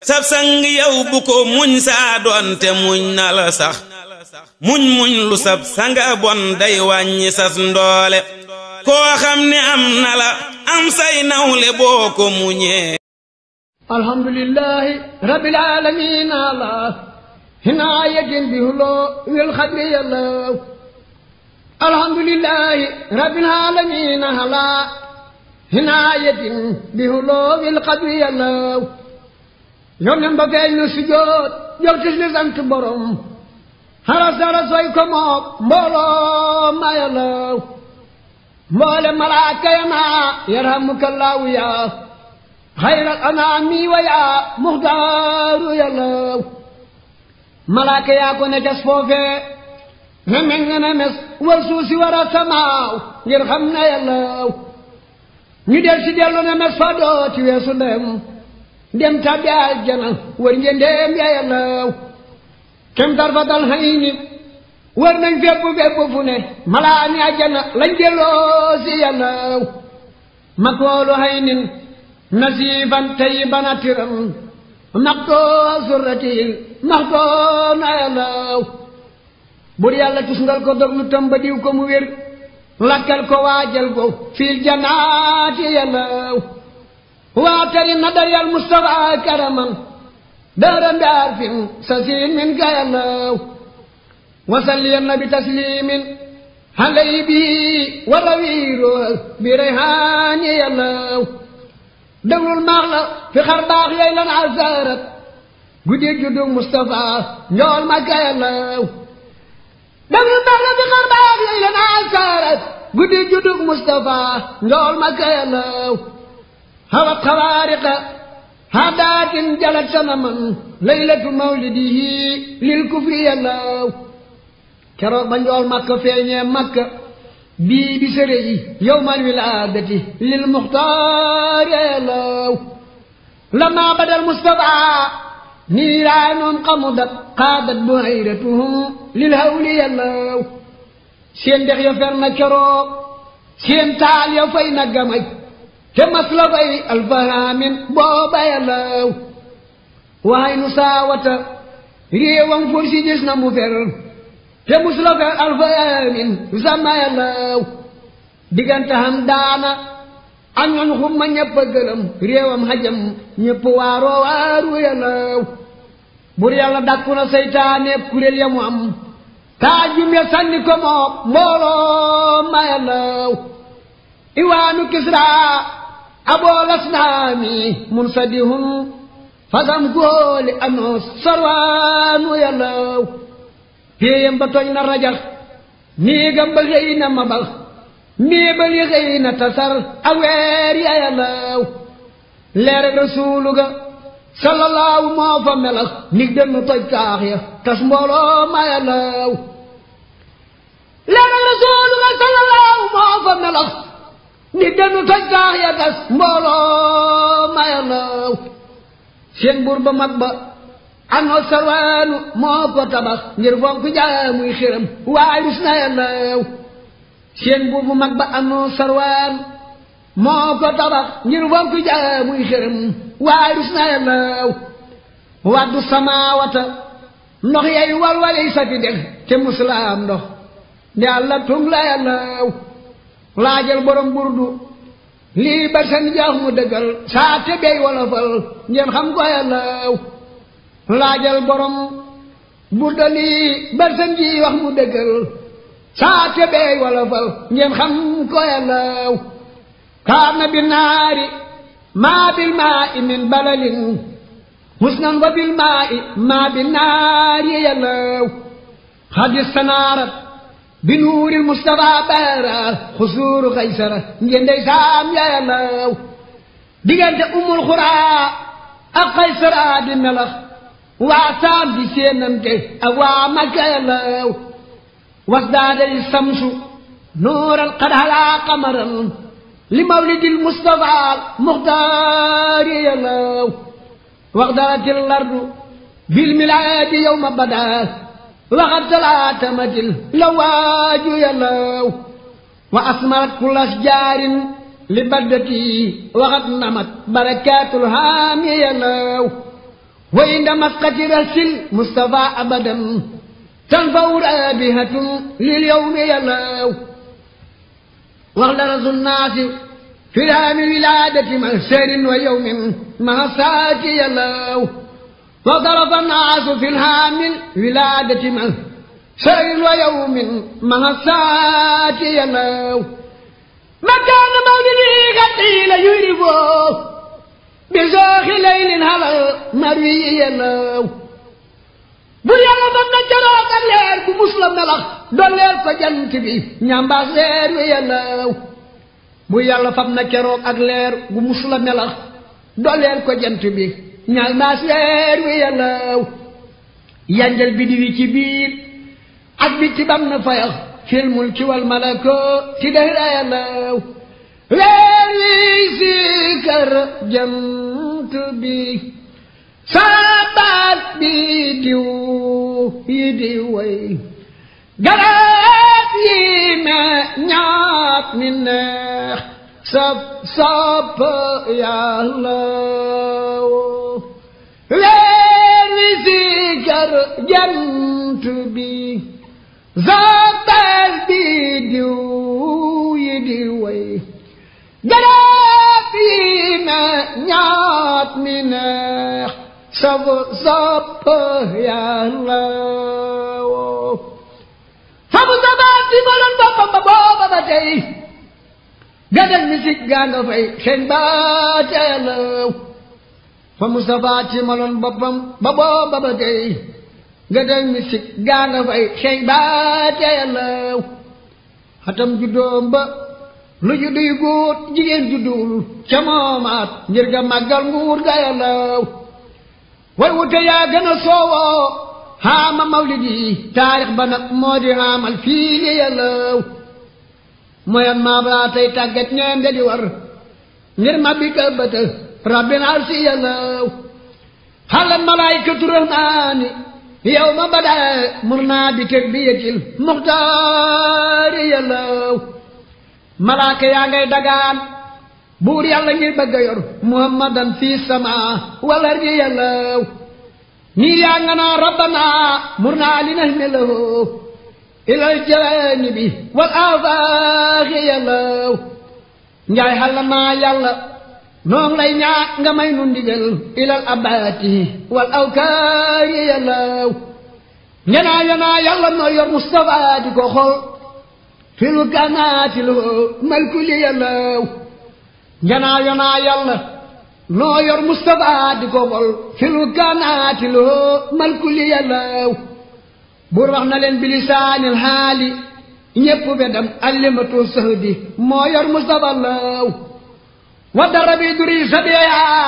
sab sang yow bu ko muñ saa doonte muñ na la sax muñ muñ lu sab sanga bon day wàññi sas ndoole koo xam ne am na la am say nawle boo ko muñee alhamdulillahi rabbil alamin ala hinaayatin bi huloo wil xadri yàlla alhamdulillahi rabbil alamin ala hinaayatin bi huloo wil xadri yàlla ñoom ñoom ba feeñ na sujjoot jóg tis li sant borom xaras xaras way ko moog mbooloo mayalaw mboole malaaka ya naa yarhamukallaahu yaa xayral anaami wa muxtaaru yalaw malaaka yaa ko ne meŋ ne mes war suusi war a samaaw ngir na yalaw ñu del si dellu ne mes fa dooti weesu ndem ndem tàbbi aljana wër ngeen ndem yeyalaw kem tarfatal hayni wër nañ fépp fépp fu ne malaani aljana lañ delloo si yalaw makoolu haynin nasiifan tayiban atiram maxtoo surratiin maxtoo na yalaw bur yàlla tusngal ko doglu tamba ko mu wér lakkal ko waajal ko fiil janaati yalaw واعتر النظر المصطفى كرما دارا بعرف سسين منك يا الله وسلمنا بتسليم علي به وروير بريحان يا الله دور المغلى في خرباخ ليلا عزارت قدي جدو مصطفى نول مكة يا الله دور المغلى في خرباخ ليلا عزارت قدي جدو مصطفى نول مكة يا الله هوت خوارق هدات جلت سمما ليلة مولده للكفر يلاو كرو بنجول مكة فيني مكة bii bi sërëyi yowmal wilaadati lil muxtaare law lama badal mustafa niiraanon xamudat xaadat buhayratuhum lil hawliya law seen dex ya fer na keroog seen taal ya fay na gamaj te masla bay alfaramin boobaya law waay nu saawata réewam kursi gis na mu fer te musla law diggante xam daana ak ñooñ xumma ñëpp a gëlëm réewam xajam waaroo waaru ya law bur yàlla dàkku na seytaane am taajum ya sànni ko moom mbooloo maya law iwaanu kisraa أبو الأسلام منفده فقام قول أنه سروان يلو هي بطوين الرجل نيغم بغينا مبل ميبل يغينا تسر أوير يلو لير رسولك صلى الله عليه وسلم نقدر نطيب تاخيه تسمولو ما يلو لير رسولك صلى الله عليه وسلم ni gënu toj taax ya gas mbooloo mayanoow seen buur ba sarwaanu moo tabax ngir fonk jaamuy xiram waaye na yàllaw seen buur bu mag ba anoo sarwaan tabax ngir fonk jaamuy xiram waaye ris na yàllaw waddu samaawata ndox yay walwali sa ti deg te musulaam ndox ndi àlla tung la yàllaw laajal borom burdu lii ba seen jaaf mu dëggal saa te bey wolofal ngeen xam ko yàllaaw laajal borom burdu lii ba seen wax mu dëggal saa te bey wolofal ngeen xam ko yàllaaw kaana bi naari maa bil maa min balalin musnan wa bil maa maa bi naari yàllaaw xadis sanaarat bi nuuril Mustafa Baara xusuuru Qaysara ngeen day saam yalaw diggante umul xuraa ak Qaysara di melax waa saam di seenante ak waa Makka yalaw wasdaaday samsu nuuran qad halaa qamaran li mawlidil Mustafa muxtaari yalaw waxdaratil lardu bil milaadi yowma badaa waxat salaatamatil la waaju yalaw wa asmarat kulas jaarin li baddati waxat namat barakatul haami yalaw wa inda masqati rasil mustafa abadan tanfaw raabihatun lil yawmi yalaw wax dara sunnaasi fi raami wilaadati mahsarin wa yawmin mahasaati yalaw وضرب الناس في الهام ولادة من سيل يوم مع الساعة يلو مكان مولده قتيل يربو بزوخ ليل هلا مروي يلو bu yàlla doon na jëloon ak leer bu musla melax doon leer fa jant bi ñambaas leer wi yàllaaw leer bu musla melax doon leer ko jant bi ñal baas weer wi yàllaaw yanjal biddi wi ci biir ak bi bam na fayax fil mulki wal malako ti dëhra yàllaaw weer wi siikar jant bi sabaat bi diw yi di way garab yi me ñaat mi neex sab sab yàllaaw weer wi siikar jant bi zappal bi diw yi di way garab yi na ñaat mi neex sab sapp yàlla woo sabu sabaat si baloon boppam ba booba ba tey gadal mi sig gaa nga fay seen baat yàlla fa Moustapha timaloon boppam ba booba ba tey nga day misik gaana fay xëy baa teelaw xatam juddoom ba lu juddu yu góor jigéen juddul ca moomaat ngir ga màggal nguur ga yalaw way wute yaa gën a soowoo xaama mawlidi taarix ba nag moo di xaamal fii li yalaw mooyan maam laa tey tàggat ñeem di war ngir ma bi ka bëtë رب العرش يلو هل الملائكة رحمن يوم بدا مرنا بتكبية المختار يلو ملائكة يا غي دغان بور يالا غير بغا يور محمدا في السماء والارض يلو نير يا ربنا مرنا لنهمله إلى الجانب والآفاق يلو نجاي هل ما يلو noom lay ñaa nga may nu ndigal ilal abaati wal awkaari yàllaaw ngenaa na yàlla noo yor Mustafa ko xool filu ganaati lu malkuli yàllaaw ngenaa yenaa yàlla noo yor Mustafa di ko xool filu ganaati lu malkuli yàllaaw buur wax na leen bilisaanil xaali ñépp be dem allimatu sahdi moo yor Mustafa laaw wadda rabi duri sadiyaa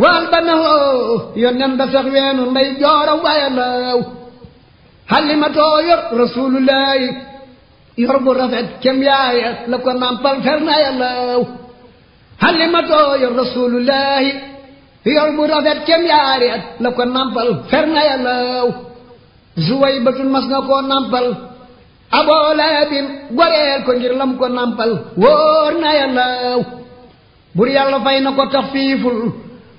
waal ba nahoo yónneen ba sax weenu nday joora waaye laaw xalimatoo yor rasulullaahi yor bu rafet kem yaaya la ko nampal fernaaya laaw xalimatoo yor rasulullaahi yor bu rafet kem yaaya la ko nampal fernaaya laaw zuway batun mas na koo nampal aboo laabin goreel ko ngir lam ko nampal wóor naaya laaw bur yàlla fay na ko tax fiiful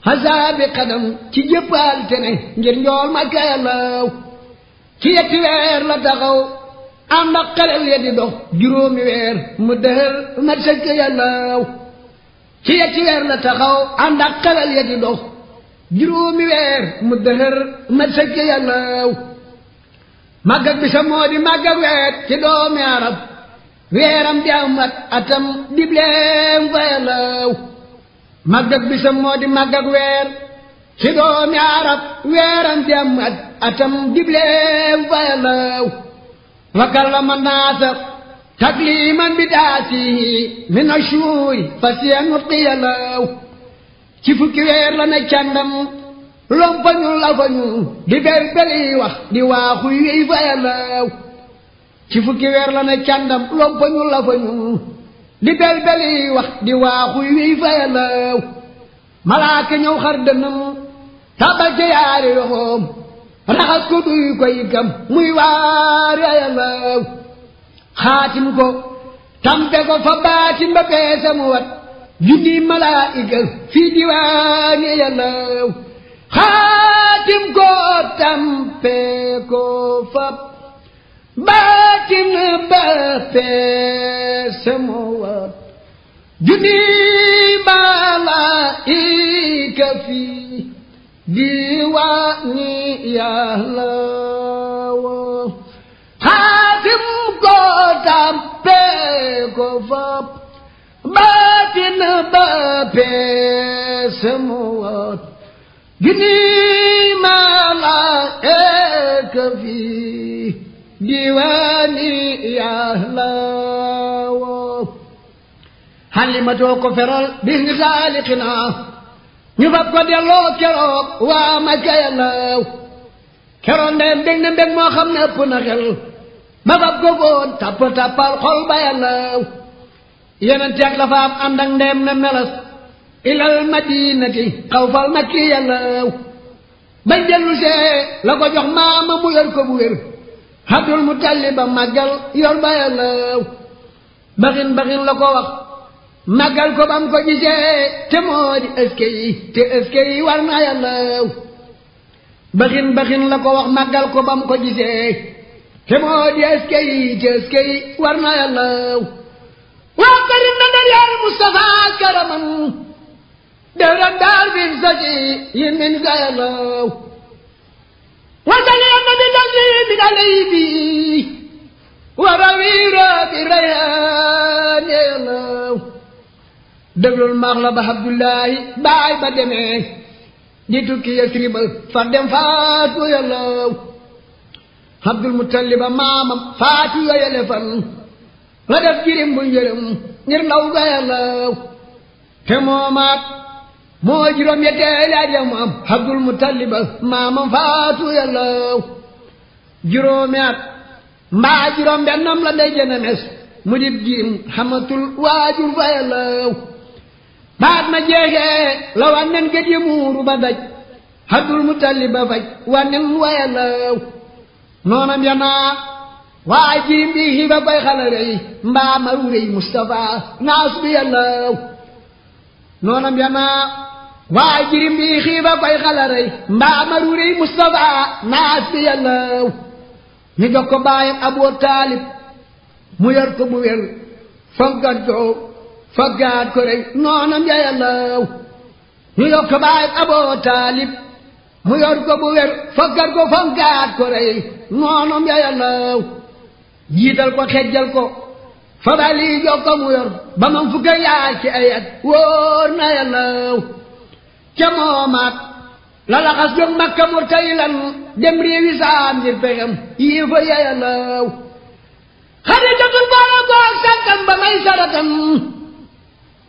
xasaabi xadam ci jëppaal te ne ngir njool ma kaalaw ci yetti ci weer la taxaw ànd ak xelel ya di dox juróomi weer mu dëhër na sëkk yàllaw màggak bi sa moo di màggak weer ci doomi arab weeram jaaw mat atam dibleem fayalaw màggag bisam moo di màggag weer ci doomi arab weeram jaaw mat atam dibleem fayalaw wa kallama naasa takliman bi daatihi min ashuuri fasiyan utqiyalaw ci fukki weer la ne càndam lompañu lafañu di berberi wax di waaxuy wey fayalaw ci fukki weer la ne càndam lompañu la fa ñu di belbeli wax di waaxuy wiy fayalaw malaaka ñëw xar dënam tabal ca yaari loxoom raxas ko duy ko yiggam muy waari ayalaw xaatim ko tampe ko fa baatin ba peese mu wat junni malaa'ika fii diwaani ayalaw xaatim ko tampe ko fa baatin ba feese moo war junni malaayika fi diwaani yàlla woo xaatim ko tàmpee ko fab baatin ba feese moo war junni malaayika diwaani yaa laawo xalimatoo ko feral bis ni xaaliqinaa ñu fab ko delloo keroog waa ma kaya laaw keroog ndeyam bég na mbég xam ne ëpp na ma fab ko góon tapp tappal xol ba ya laaw yeneen teeg faam ànd ak ndeyam na melas ilal madinati xaw fal makki mu yor ko bu xatul mu talli ba màggal yor bayalaw baxin baxin la ko wax màggal ko te moo di te ëske war na yàllaw baxin baxin la ko wax màggal ko bam ko gisee te moo yi te ëske yi war na yàllaw waa barin na derrière Moustapha karaman dëran daar bin saci yi min gayalaw وسلم بالذي عليه وروير بريان الله déglul maax la ba Abdullahi baay ba demee di tukki yëkkri ba far dem faatu yàllaw Abdul Muttaliba maamam faatu yooyale fan la def jirim bu njërëm ngir ndaw ga yàllaw te moomaat moo juróom yetteeli at ya mu am Abdul Muttalib maamam faatu yàllaw juróomi at mbaa juróom bennam la day jëna mes mu dib jiim xamatul waajur fa yàllaw baat ma jeexee la wànnen gët yi ba daj Abdul Muttalib ba faj wànnen wa yàllaw noonam yanaa waa jiim bi xiba bay xala rëy mbaa maru rëy Mustafa naas bi yàllaw noonam yanaa waa jirim bi xiiba koy xalaray mbaa ma ruurey Moustapha naas bi yàllaw ñu jox ko baayam Aboo Taalib mu yor ko bu ko foggaat ko rey noonam ya yàllaw ñu jox ko baayam Aboo Taalib mu yor ko bu wér foggat ko foggaat ko rey noonam ya yàllaw jiital ko xejjal ko fa bali jox ko mu yor ba man fukka yaay ci ay at wóor na yàllaw ca moomaat la laxas jóg makka mur tay lan dem réewi saam ngir pexem yii fa yeyalaw xadijatul boole goog sàkkam ba may saratam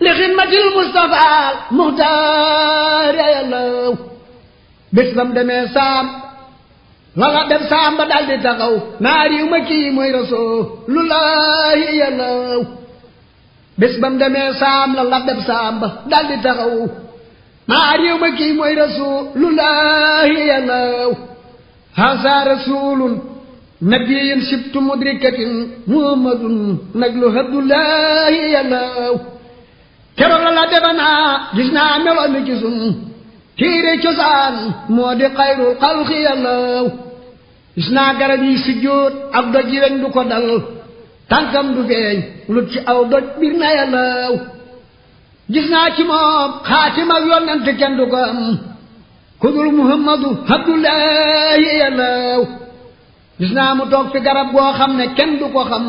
li xidmatil Mustafa Muxtaar yeyalaw bés bam demee saam la la dem saam dal di taxaw naa riw ma kii mooy Rasuulullaah yeyalaw bés bam demee saam la la dem saam dal di taxaw maa réew ma kii mooy rasulullahi yàllaaw haasa rasulun nabiyun sibtu mudrikatin muhammadun naglu habdullahi yàllaaw keroog la la defanaa gis naa meloo mi gisum téere cosaan moo di xayrul xalqi yàllaaw gis naa garab yi sujjóot ak doj yi weñ du ko dal tànkam du feeñ lut ci aw doj bir na yàllaaw gis naa ci moom xaatima yonent kenn du ko am ku dul muhammadu abdullahi yàllaw gis naa mu toog fi garab goo xam ne kenn du ko xam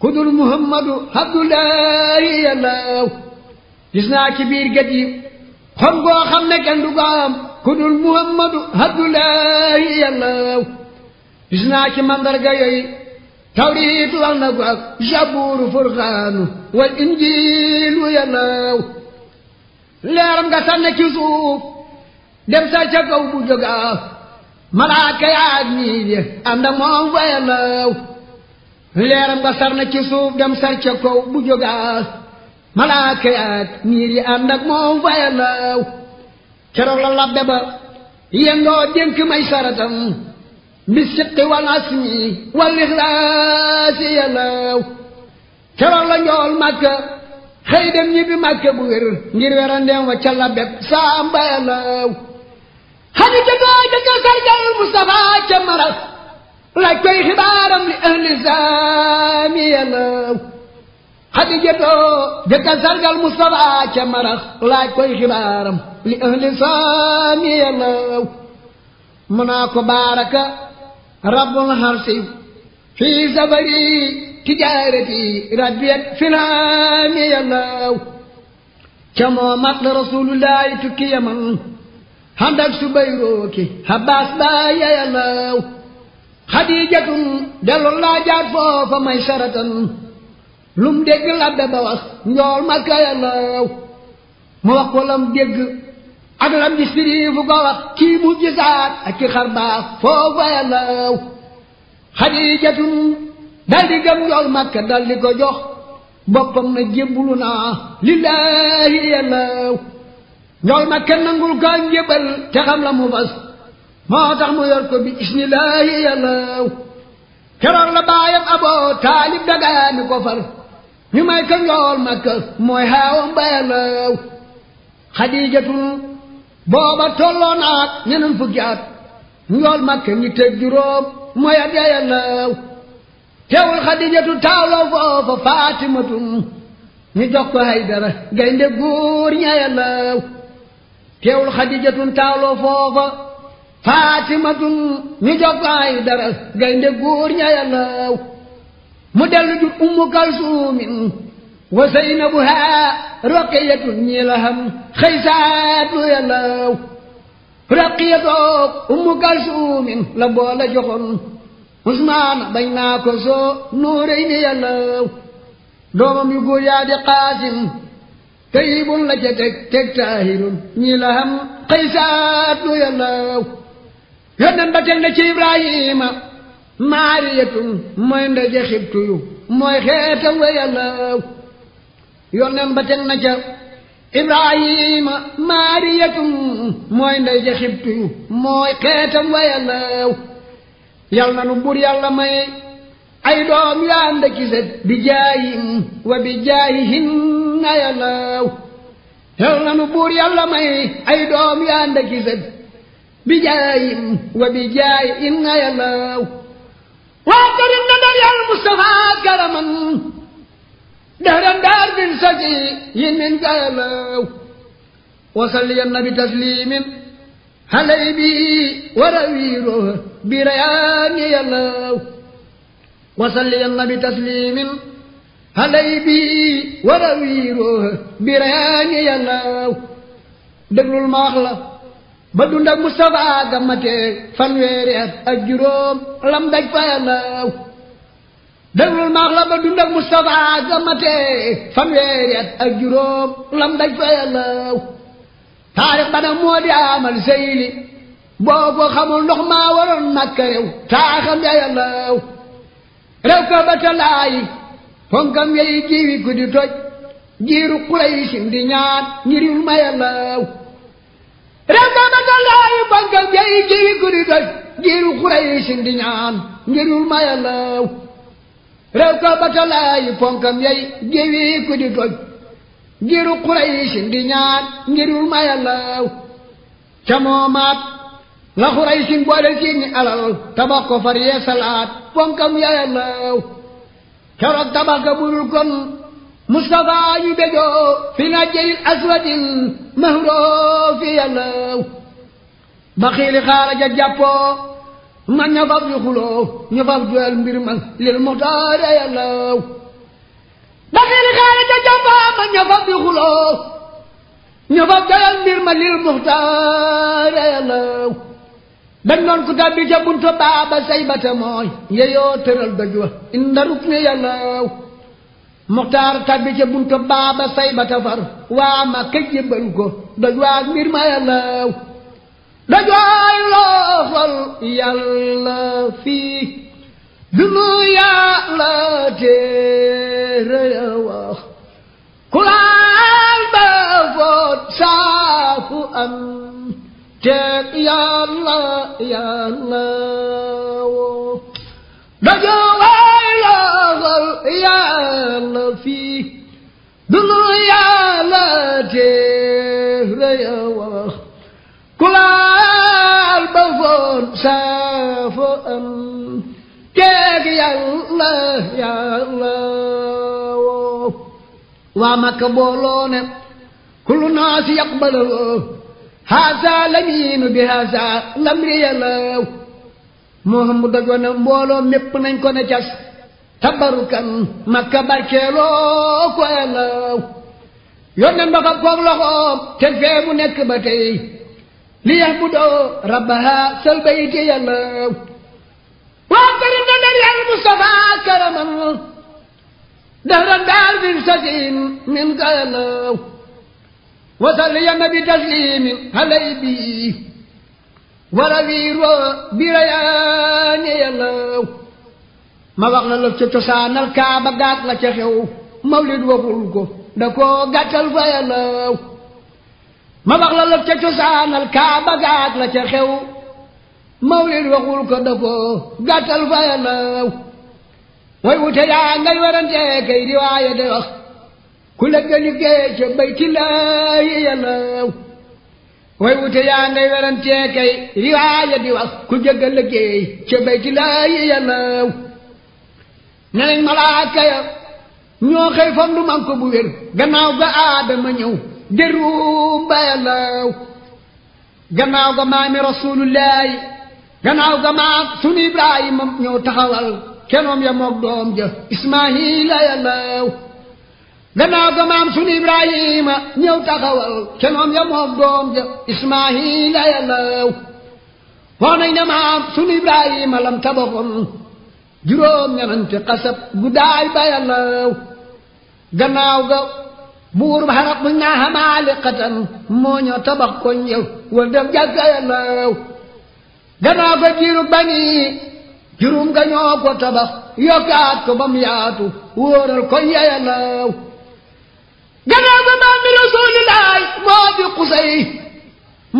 ku dul muhammadu abdullahi yàllaw gis naa ci biir géej yi xol goo xam naa ci mandarga yooyu tawriit wax na ko ak jabuuru furxaanu wal injiilu yanaaw leeram nga sànne ci suuf dem sa ca bu jógaa malaaka yaag ñii ye ànd ak fa yanaaw leeram nga sar na ci suuf dem sar ca bu jógaa malaaka yaag ñii ye ànd ak fa yanaaw keroog la labbe ba yendoo dénk may saratam bisidqi wal asmi wal ixlaasi yalaaw keroog la njool màkka xëy dem ñibbi màkka bu wér ngir werandeem wa ca la saamba yalaaw koy xibaaram li ahli saami yalaaw koy xibaaram li ahli saami yalaaw mu naa ko baaraka rabbul harsi fi sabari tijaarati rabbiyat filaami yallaaw ca moo la rasulullahi tukki yaman handak subayrooki habbaas baaya yallaaw xadiijatun dellul laa jaar foofa may saratan lum dégg labbe ba njool makka yallaaw mu wax ko lam dégg ak lam gis firiifu gowat kii mu gisaat ak ki xar foofa yàllaw xadijatun dal di gëm njool màkka dal di ko boppam na jébbulu naa lillaahi yàllaw njool màkka nangul kaa njébal te xam la mu fas moo tax mu yor bi ismillaahi yàllaw keroog la baayam aboo taalib dagaani ko far may ko njool màkka mooy xaawam ba yàllaw booba tolloo naag ñeneen fukki at njool makka ngi teg juróom mooy at yaya laaw teewul xadijatu taawloo foofa faatimatum ñu jox haydara gaynde góor ñaya laaw teewul xadijatun taawloo foofa faatimatum ñu jox haydara gaynde góor ñaya laaw mu dellu ummu kalsuumin wa zeynabuha roqiyatun ñi la xam xëysaatu yàllaw roqiyatoog ummu kalsuumin la boole joxoon usmaan bañ naa ko soo nuurey ni yàllaw doomam yu góor di qaasim tayibun la ca teg teg la xam xëysaatu yàllaw yónnan ba teg na ci ibrahima maariyatun mooy ndaje xibtuyu mooy xeetam wa yàllaw yónneen ba teg na ca ibrahima maariyatum mooy ndey xibtu mooy xeetam wa yàllaw yal na nu bur yàlla may ay doom yaa ndëkkiset bi jaayin wa bi jaayihin na yàllaw waa karim na dal yàlla karaman دهرا دار بالسكي من قالوا وسلمنا بتسليم هلي بي ورويره بريان يلاو وسلمنا بتسليم هلي بي ورويره بريان يلاو دقلوا المخلص ba dund ak Moustapha Gamate fanweeri at ak juróom lam daj fa yàllaaw déglul maax la ba dund ak Moustapha gamate fanweeri at ak juróom lam daj fa yàllaw taarix ba nag moo di seyli boo ko xamul ndox maa waroon Makka réew taaxam ya yàllaw réew talaayi fonkam yeyi jiwi ku di toj jiiru ku di toj jiiru Quraysin di ñaan ngiriwul rew ko batalaayi ponkam yey géwii ku di toj ngiru xuraysin di ñaan ngirul mayalaaw ca moomaat la xuraysin boole ci alal tabax ko far salaat ponkam yeyalaaw keroog tabax ga budul kon Mustapha bejoo fi najjil aswadin mahroo fi yàllaaw baxiili xaaraja jàppoo man ña fab yu xuloo ñu fab joel mbir man lil muxtaare yàllaw daxil xaari ja jamba ñu fab joel mbir man lil muxtaare yàllaw dañ doon ku tabbi ca buntu baaba say bata muxtaar tabbi ca buntu baaba say bata waa ma ka jébbal ko doj waa ma yàllaw doj yàlla fii lu nu yàlla téere ya wax kuraan ba foot saaku am teeg yàlla yàlla woo dajoo saafo am keeg yàlla yàlla woo waa Makka booloo ne kullu naasi yaqbaloo haasa lamiinu bi haasa lamri yàllaw Muhammad doj ne mbooloo mépp nañ ko ne cas tabarukan Makka barkeeloo ko yàllaw yónneen ba fab koog loxoom te fee mu nekk ba ليعبدوا ربها سلبيت يلا وأقرب لنا المصطفى كرما دهرا دار من سجين من قالوا وسلم بتسليم علي بي ولوير بريان يلا ما وقنا لك تسان الكعبة قاتل تخيو مولد وقلقو دكو قتل فيلاو ma wax la lëf ca cosaanal kaaba gaag la ca xew mawlid waxul ko dëppoo gàttal fa yalaw way wute yaa ngay werante kay di de wax ku legga liggéey ca baytillaahi yalaw way wute yaa ngay werante kay di waaye ku jëgga liggéey ca baytillaahi yalaw nenañ ñëw jërum bayalaw gannaaw ga maami rasulullahi gannaaw ga maam sunu ibrahima ñëw taxawal kenoom ya moog doom ja ismaila ga maam sunu ibrahima ñëw taxawal kenoom ya moog doom ja ismaila yalaw wax nañ ne maam sunu ibrahima lam tabaxoon juróom ñananti xasab guddaay bayalaw gannaaw ga buur ba xarab bu ñaaxa maali xatan moo tabax koñ yow wal def jàkkayalaw gannaaw ko bani jurum nga ñoo ko tabax yokkaat ko bam yaatu wóoral koñ yayalaw gannaaw ko maam moo di xusay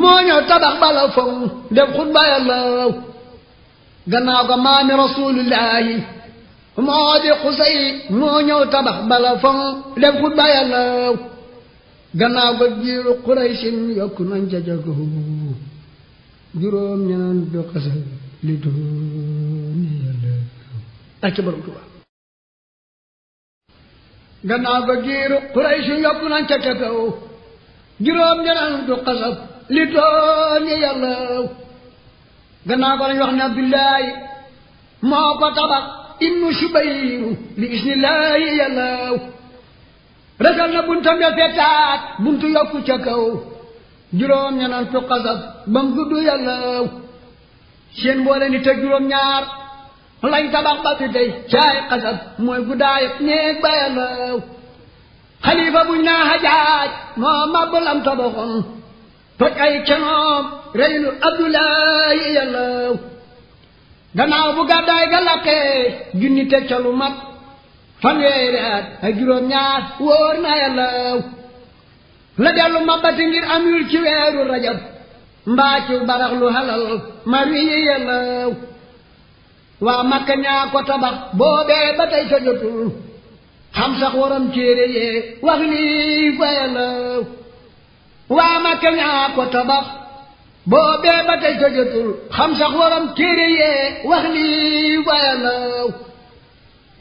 moo tabax bala foŋ def xutbayalaw gannaaw ko maami moo di xusay moo ñëw tabax bala foŋ def xut bayalaw gannaaw ga jiiru xuraysin yokku nañ ca jago juróom ñaan du xasa li dooni yàlla ak ci borom tuba gannaaw ga jiiru xuraysin yokku nañ ca jago juróom ñaan du xasa li dooni yàlla gannaaw ga lañ wax ne abdullahi moo ko tabax ibnu subayru bi isnillaahi yallaaw resal na ya fetaat buntu yokku ca kaw juróom ñanantu xasab bam gudd yallaaw seen boole ni te juróom ñaar lañ tabax ba fi tey caay xasab mooy guddaayu néeg ba yallaaw xalifa buñ naa xajaaj moo mabbalam tabaxoon toj ay kenoom reylu abdulaahi yallaaw gannaaw bu gàddaay ga laqee junni te colu mat fanweeri at juróom-ñaar wóor na yàllaw la dellu mabati ngir am yul ci weeru rajab mbaa ci barax lu halal mari yi yàllaw waa makka ñaa ko tabax boobee ba tey sa jotul xam sax waram téere yee wax lii fa yàllaw waa makka ñaa ko tabax boobee ba tey tëjatul xam sax waram téere wax lii wayalaw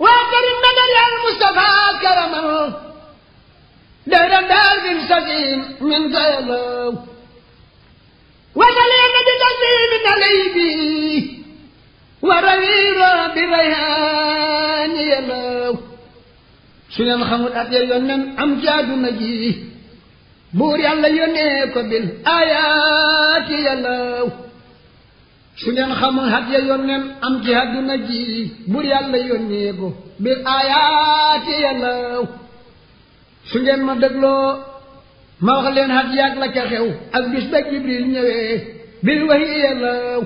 waa karim badal al Mustafa karamal dayra daal bin sasin min gayalaw wasalee na bi taslimin alay bi warawiira bi yalaw su ngeen xamul at yoon nan am ci àdduna buur yàlla yónnee ko bil ayaati yàllaaw su ngeen xamul hat ya yónneen am ci àdduna ji buur yàlla yónnee ko bil ayaati yàllaaw su ngeen ma dégloo ma wax leen hat yàgg la ca xew ak ba jibril ñëwee bil waxi yàllaaw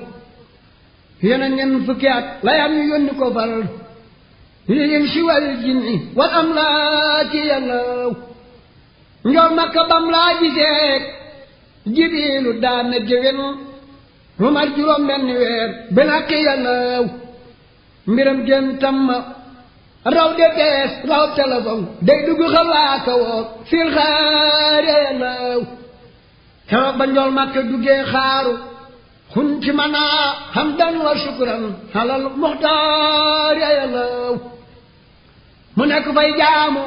yéen a ngeen fukki at la yam ñu yónni ko far lil insi wal jinni wal amlaaki yàllaaw njool makka bam laa gisee jibiilu daan na géwén mu mat juróom benn weer bi na xiyanaaw mbiram gën tam raw de bees raw téléphone day dugg xalaaka woo fil xaareelaaw sama ba njool makka duggee xaaru xun ci manaa hamdan wa shukran halal muxtaar yalaw mu nekk fay jaamu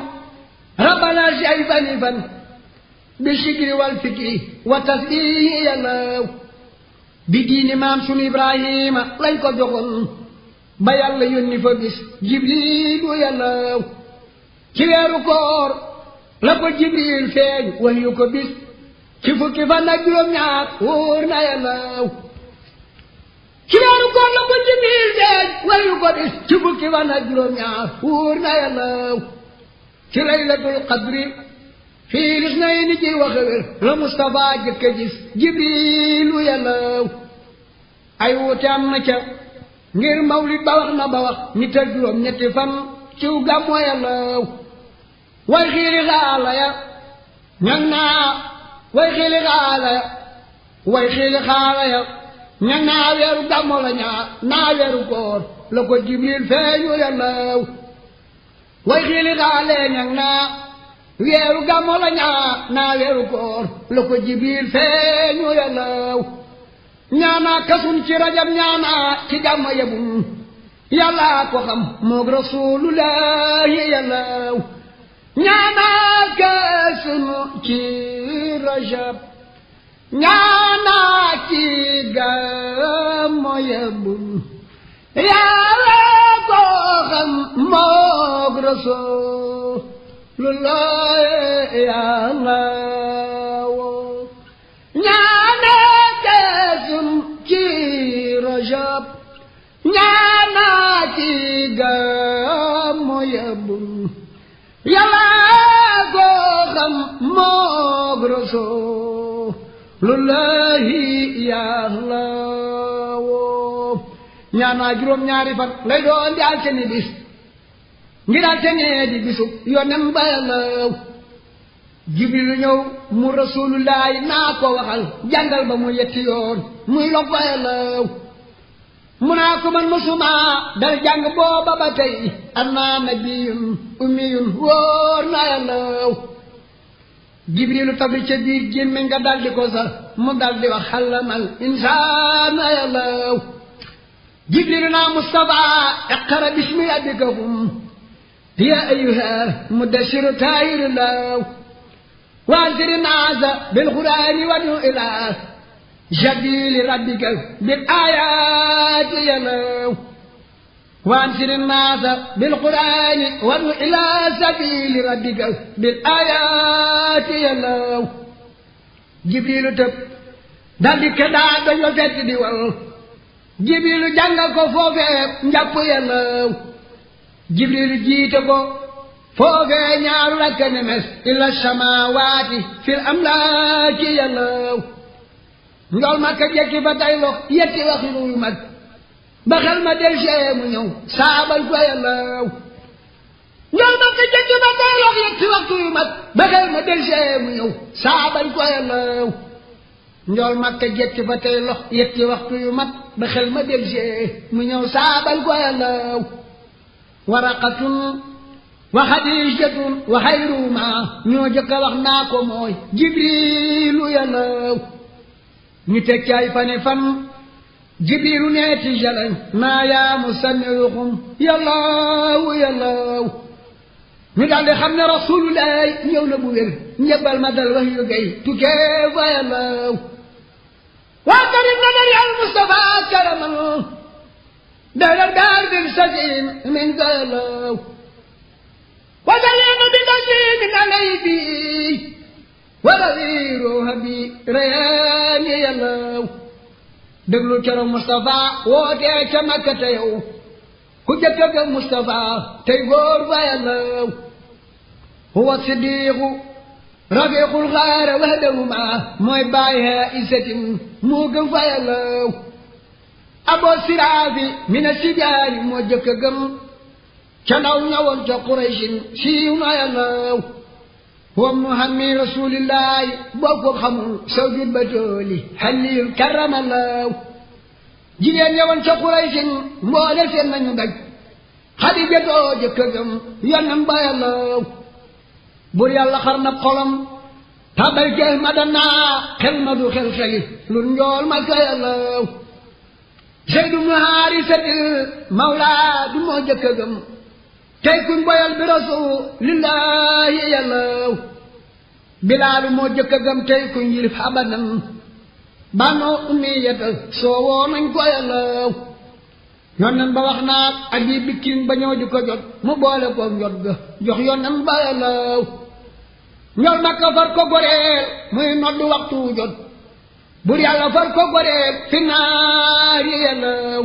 ربنا زي فن بالشكر والفكر وتسبيه يلاو بدين مام سن إبراهيم لن كجغن بيال يوني فبس جبريل يلاو كيرو كور لكو جبريل فين وهيو كبس كيفو كيفا نجرم نعب ورنا يلاو ci weeru koor la ko jibril feeñ wayu ko bis ci fukki fan ak juróom ñaar wóor na yàlla ci laylatul qadri fii lis ni ci waxe la Mustafa jëkk a gis jibriilu yàllaw ay wuute am na ca ngir mawlid ba na ba ni te juróom ñetti fan ciw gàmmoo yàllaw way way xiiri xaala ya way xiiri xaala ya ñag naa la ñaa naa weeru koor la way xiili daa leeñag naa weeru gàmmo la ñaa naa weeru koor la ko jibril feeñu yàllaw ñaanaa kasum ci rajab ñaanaa ci gàmma yebul yàllaa ko xam moog rasulullahi yàllaw ñaanaa kasum ci rajab ñaanaa ci gàmma yebul yàlla ko xam moog rasul lu looye yaa naawoo ci rajab ñaana ci gàmmu yebul yàlla ko xam moog rasul lu looye yaa naawoo ñaar naa juróom-ñaari fan lay doon di altine bis ngir altine di bisu yonen ba law jibrilu ñëw mu rasulullaahi naa waxal jàngal ba mu yetti yoon muy log law mu naa ko man masumaa dal jàng booba ba tey annaa nabiyun ummiyun wóor naa law jibrilu tabi ca biir gémmiñ nga mu dal di wax xalamal insaana yàllaw jibril naa mustafaa iqra bismi rabbikahum yaa ayyuha mudassiru taayiru law waasiri naasa bil quraani wadu ilaa sabiili rabbika bil aayaati yalaw waasiri naasa bil quraani wadu ilaa sabiili rabbika bil aayaati yalaw jibrilu tëb daldi ke daa doño fett di wal jibrilu jàngal ko foofee njàpp yàllaw jibrilu jiite ko foofee ñaaru rakka ne illa samawaati fil amlaaki yàllaw njool ma ka jekki ba daylo yetti waxi luyu ba xel ma del see mu ñëw saabal ko yàllaw njool ma ka jekki ba daylo yetti waxi luyu ba xel ma del see mu ñëw saabal ko yàllaw njool makka jekki fa tey lox yetti waxtu yu mat ba ma del see mu ñëw saabal goyalaw waraqatun wa xadiijatun wa xayruma ñoo jëkk a wax naa ko mooy jibriilu yalaw ñu teg ci ay fani fan jibriilu neeti jalañ maa yaa musamiruxum yalaw yalaw ñu daal di xam ne rasulullaay ñëw na bu wér njëbbal ma dal wax yu gay tukkee goyalaw واضرب لنا المصطفى كرما دار الدار بالسجين من ذلو وسلم بتسليم علي بي ونذير هبي ريان يلو دبلو كرم مصطفى وتي كمكة يو كجكك مصطفى تيغور ويلو هو الصديق rafiqul xaara wahdahuma mooy bàyyi isatin moo gëm fa yàllaw abo siraafi mina sigaari moo jëkk a gëm ca ndaw ñawoon ca quraysin siiw na yàllaw wam nu xammi rasulillahi boo ko xamul saw jut ba tooli xalil karamalaw jigéen ñawoon ca quraysin mboole seen nañu daj xadijatoo jëkk a gëm yonam ba yàllaw bur yàlla xar na xolam tabal jeex ma danaa xel ma du xel xeli lu njool ma sayalaw Seydu mu haarisatil mawlaa bi moo jëkk a gëm tey kuñ boyal bi rasuulillaahi yàllaw bilaalu moo jëkk a gëm tey kuñ yilif abadan bànnoo ummiyata soo woo nañ ko yàllaw yonnan ba wax naag ak yi bikkin ba ñëw di ko jot mu boole ko njot ga jox yonnan ba yàllaw njol makka far goreel muy noddu waxtu jot bur yàlla far goreel fi naari yelaw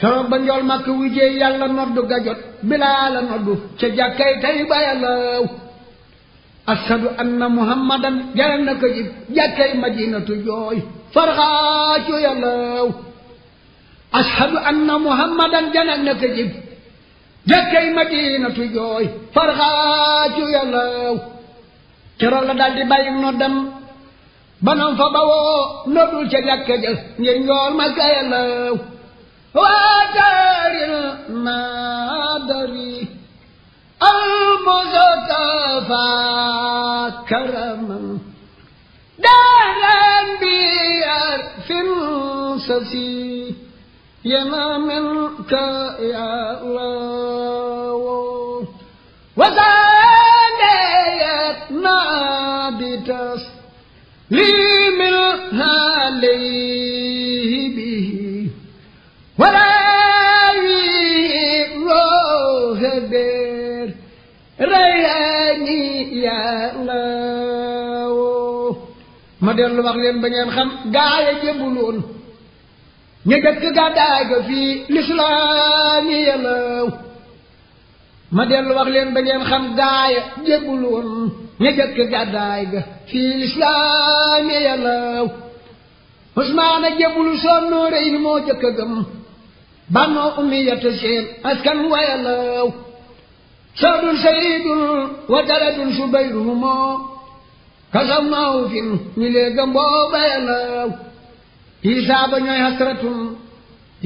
sama ba njol makka wujjee yàlla noddu ga jot bilaa la noddu ca jàkkay tey ba yelaw ashadu anna muhammadan jaran na ko jib jàkkay madinatu jooy farxaacu yelaw ashadu anna muhammadan jaran na ko jib jàkkay madinatu jooy farxaacu yelaw keroog la daal di bàyyi noddam banam fa bawoo noddul ca jàkka ja ngir njool ma kayalaw waa daaril maadari almustafa karaman daaran biyar fin sasi yana minka ya allah لي منها ليه به ولا روح دير رياني يا الله ما دل wax leen ba ngeen xam gaay a jëmbuloon ñu jëkk fii lislaam yi yalaw ma dellu wax leen ba xam gaaya jébbul ña jëkk gàddaay ga fii lislaam yalaaw Usmaan a jébbalu soon noo rëy moo jëkk a gëm bannoo ummiyata seen askan wa yalaaw soodun sayidun wa daradun subayru moo kasaw maaw fin ñu lee gëm yalaaw Iisaa ba ñooy hasratun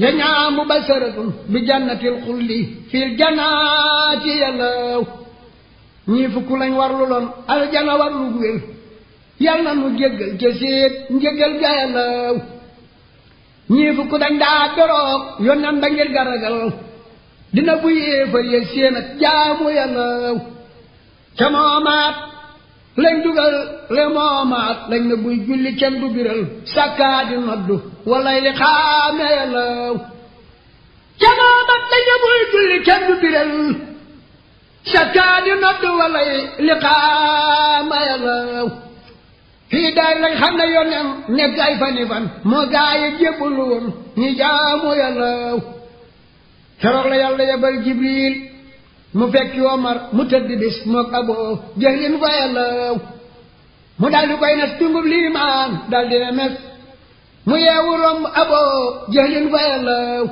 yalaaw ñii fukk lañ warlu loon aljana warlu wér yal na nu jéggal jëseet njéggal gayalaw ku fukk dañ daa beroog yonnan da ngir garagal dina bu yéefar ya seen ak jaamu yalaw ca moomaat lañ dugal le moomaat lañ na buy julli kenn du biral sàkkaa di noddu walay li xaame yalaw ca moomaat lañ na buy julli kenn biral shakaani nodd walay liqaama yalaw fii daay lañ xam ne yonem nekk ay fani fan moo gaa yi jébbalu woon ñi jaamu yalaw keroog la yàlla yebal mu fekki omar mu tëdd bis mook aboo jëlin fa yalaw mu daal koy nes tungub liimaan daal di ne mes mu yeewu romb aboo jëlin fa yalaw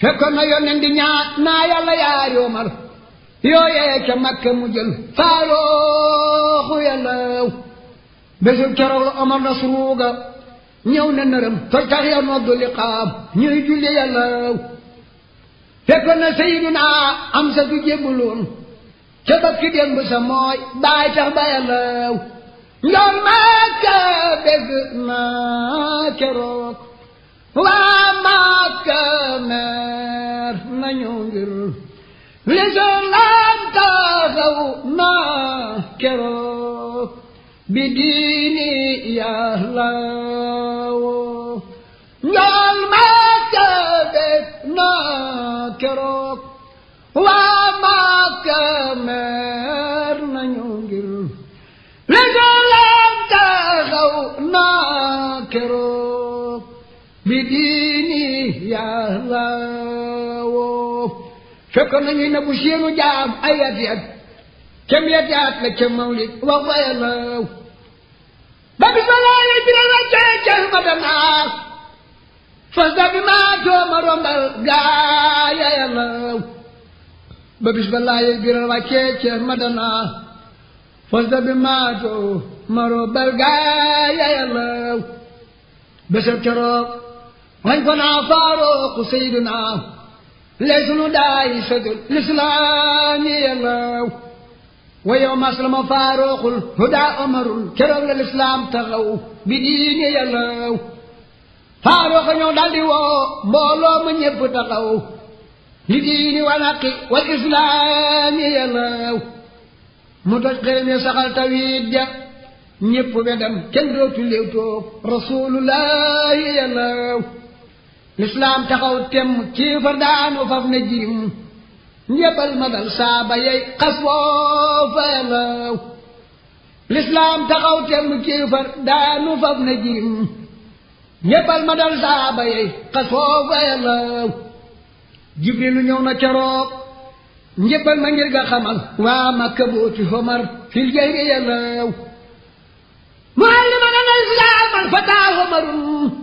fekkoon na yonen di ñaa naa yàlla yaari omar yooyee ca makka mu jël faalooxu yàllaaw bésu keroog la omar nasruuga ñëw na nëram toj tax ya noddu liqaam ñuy julli yàllaaw fekkoon na sayidina am sa du jébbuloon ca bakki démb sa mooy baay tax ba yàllaaw njool makka bégg naa keroog waa makka meer nañu ngir lislaam taxaw na keroog bi diini yàllaawo ñool ma jabet na keroog waa Makka mer nañu ngir lislaam taxaw na bi diini yàllaawo fekkoon nañu ne bu seenu jaam ay at yi at cëm ya jaat la ca mawlid wa wayalaw ba bi ma loolee bi la wàccee ca ma danaa fas da bi ma jooma rombal gaa ya yalaw ba bis ba laaye bi la wàccee ca ma danaa fas da bi ma jooma rombal gaa ya yalaw bésab ca roog wañ ko naa faarooku saydunaa ليسوا داعسة الإسلام يلاو ويوم أسلم فاروق الهدى أمر كرم للإسلام تغو بدين يلاو فاروق ñoo daldi woo mbooloo ma ñépp taxaw li diini wal haqi wal islaam yelaw mu toj xërëme saxal tawit ja ñépp wedam kenn dootu léewtoo rasulullahi yelaw lislaam taxaw temm kiifar daanu faf na jiim njëbal ma dal saaba yey xas woo feelaw lislaam taxaw temm kiifar daanu faf na jiim njëbal ma dal saaba yey xas woo feelaw jibrilu ñëw na keroog njëbal ma ngir nga xamal waa makka homar fil jahri yelaw mu alliman al islaam al fataa homarum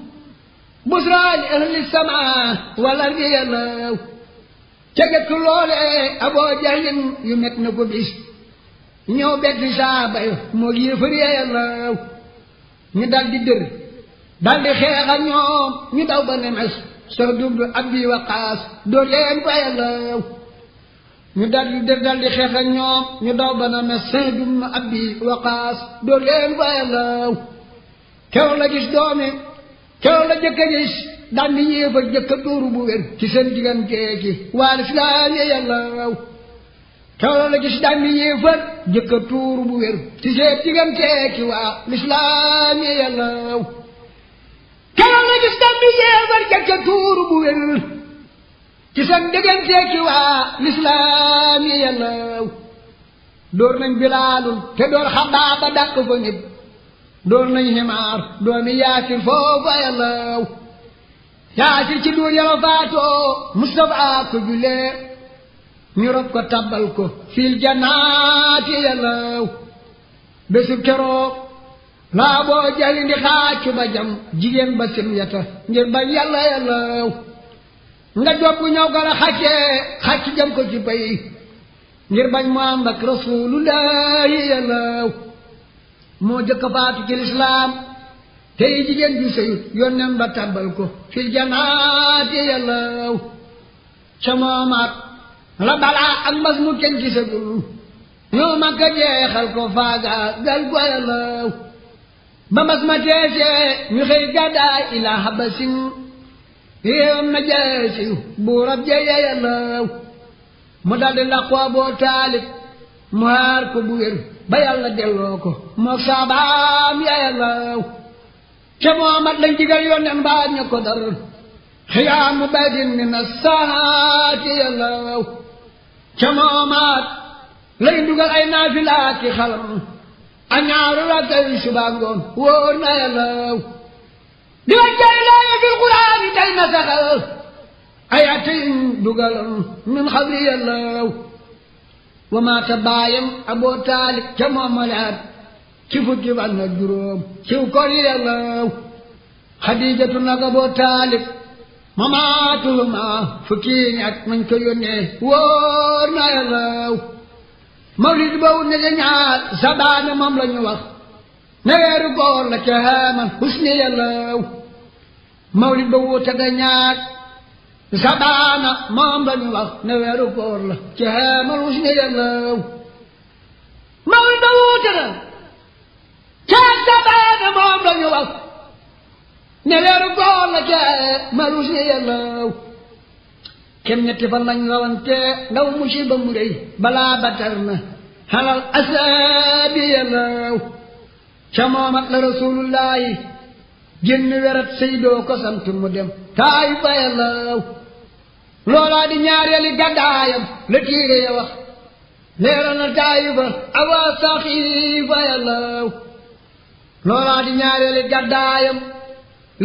busra li ahli samaa wal ardi yalaaw ca gëttu loole aboo jahlin yu met na ko bis ñëw bett saaba yo moo yéefar ya yalaaw ñu dal di dër dal di xeex ak ñoom ñu daw ba nemes soo dubdu abdi waqaas doo leen ko ñu dal di dër dal di xeex ak ñoom ñu daw ba nemes soo dubdu abdi waqaas doo leen ko kew la gis doomi keroog la jëkk a gis daan di yéef a jëkk a dóoru bu wér waa lislaam ya yàllaw keroog la gis tuuru bu wér ci seen diggantee ci waa waa lislaam ya nañ bilaalul te dóor xabaaba dàq fa nit dóor nañ ximaar doomi yaasir foofa yàllaw yaasir ci duur yàlla faatoo Mustafa ko julee ñu rob ko tabbal ko fil jannaati yàllaw bésub keroog laa boo jali ndi xaacu ba jam jigéen ba sim yata ngir bañ nga joppu ñëw ko la xàccee xàcc jëm ko ci pay ngir bañ mu ànd ak rasulullahi moo jëkk faatu ci lislaam tey jigéen ju sëyut yónneen ba tàbbal ko fil janaati yàllaw ca moomaat la balaa ak mbas mu kenn gisagul ñoo ma ka jeexal ko faaga gal ko yàllaw ba mbas ma teesee ñu xëy gàddaay ilaa habasin yéewam na jaasi buurab jeya yàllaw mu daldi laqoo boo taalib mu haar ko bu wér ba yàlla delloo ko moog saabaam yaaya laaw ca moomat lañ digal yonen baa ñu ko dar xiyaamu baydin min assaati ya laaw ca moomaat lañ dugal ay naafilaaki xalam a ñaaru rakkay suba ngoon wóor na ya laaw di wàccay laaya fi quraan yi tey na saxal ayatin dugalam min xabri ya laaw wa maata baayam aboo taalib ca moomalaat ci fukki fan ak juróom ciw kor yàllaw xadiijatu nag aboo taalib mamaatuluma fukki ñat mañ ko yónnee wóor na yàllaw mawlid boobu nege ñaar sabaane moom la ñu wax ne weeru góor la ca haaman husni yàllaw mawlid boobu tege ñaar sabaana moom la ñu wax ne weeru koor la ci xeemal wu si ne yàllaw mawl da wuute na ca sabaana moom la ñu wax ne weeru koor la ci xeemal wu si ne yàllaw kenn ñetti fan lañ rawante ndaw musiba mu rëy balaa batar na xalal asaabi yàllaw ca moomat la rasulullahi génn werat sëy doo ko sant mu dem taayu bayalaaw loolaa di ñaareeli gàddaayam la téere ya wax leeral na taayu ba awaa di ñaareeli gàddaayam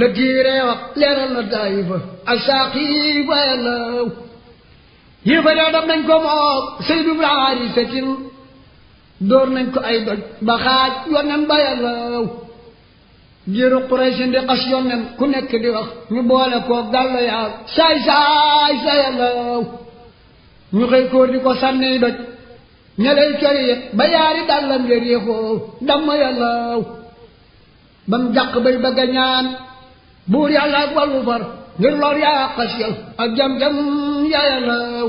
la téere ya wax leeral na taayu ba a saxi bayalaaw yi fa dee dam nañ ko moom nañ ko ay doj ba xaaj war nañ bayalaaw njiiru Quraysh di xas yonen ku nekk di wax ñu boole koo gàllo yaa saay saay sayalaw ñu xëy kóor di ko sànniy doj ñelay cori yit ba yaari dàllam ya réexoo damm yàllaw ba mu jàq bay buur yàlla ak wàllu far ngir yaa xas yow jam-jam yayalaw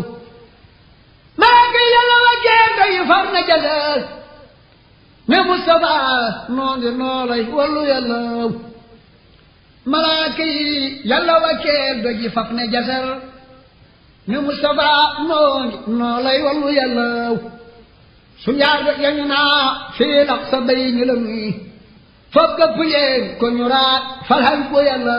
maa ngi yàlla wa jeega yi far na jalal ne Mustafaa noo ngi noolay wallu yàllaw malaaka yi yàlla wakkee doji faf ne jaser ne Mustafaa noo ngi wallu yàllaw suñ yaar ba yañu naa fii lax sa ñu la muy fop këpp yéen ko ñu raat falal la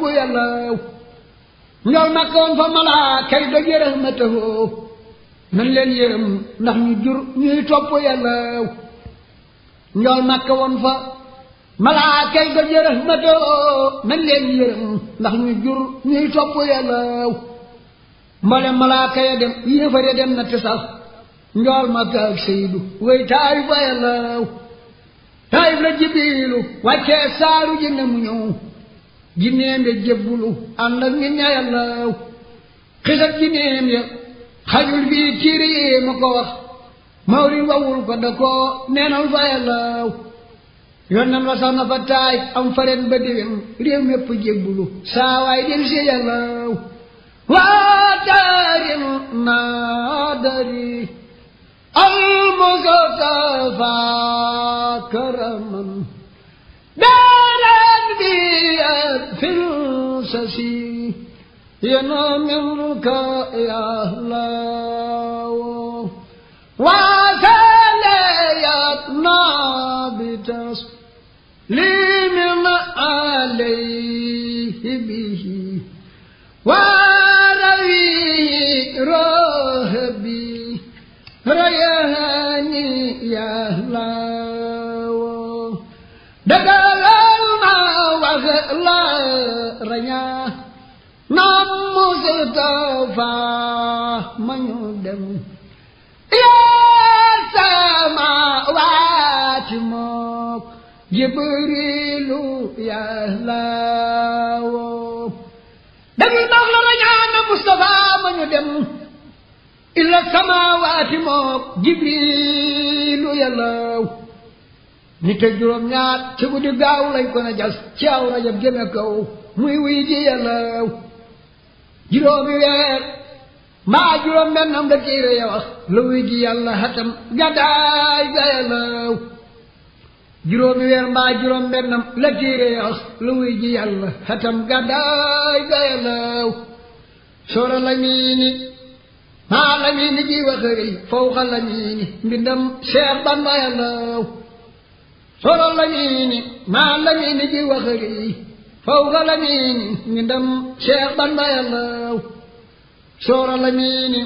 muy fop njol makkoon fa malaaka yi doj rahmatahu nan leen yërëm ndax ñu jur ñuy topp yàllaaw njol makka woon fa malaaka yi doj rahmatahu nan leen yërëm ndax ñu jur ñuy topp yàllaaw mboolem malaaka ya dem yéefar ya dem na tisal njool makka ak seydu way taarif ba yàllaaw taarif la jibiilu wàccee saaru ji ne mu ñëw jineem ya jébbulu ànd ak nit ña yàllaaw xisab jineem ya xajul fii ci réew ma ko wax wawul ko da koo neenal fa yàllaaw yonnam na fa taay am faren ba déwén saa waay si yàllaaw waa daarin naadari al mustafa karaman الأنبياء في السسي ينامرك يا الله وسال يطلع بتسليم عليه به وروي راهبي ريهاني يا الله la rañaa naam Mustafa ma ñu dem yaa sama mook Jibrilu yaa laawoo dañuy dox la rañaa na Mustafa ma dem illa sama waati mook Jibrilu yaa laawoo ni te juróom ñaar ci guddi gaaw lañ ko na jas ci aw rajab jëme kaw muy wuy ji yàllaw juróomi weer maa juróom bennam da kiire ya wax la wuy ji yàlla xatam gadaay ga yàllaw juróomi weer mbaa juróom bennam la kiire ya wax la wuy ji yàlla xatam gadaay ga yàllaw soora la mii maa la mii ni ji waxëri fawqa la mii ni mbindam seex ban ba yàllaw solo lamiini maa lamiini ji waxari fawqa lamiini ñu dem Cheikh Bamba yàllaaw solo lamiini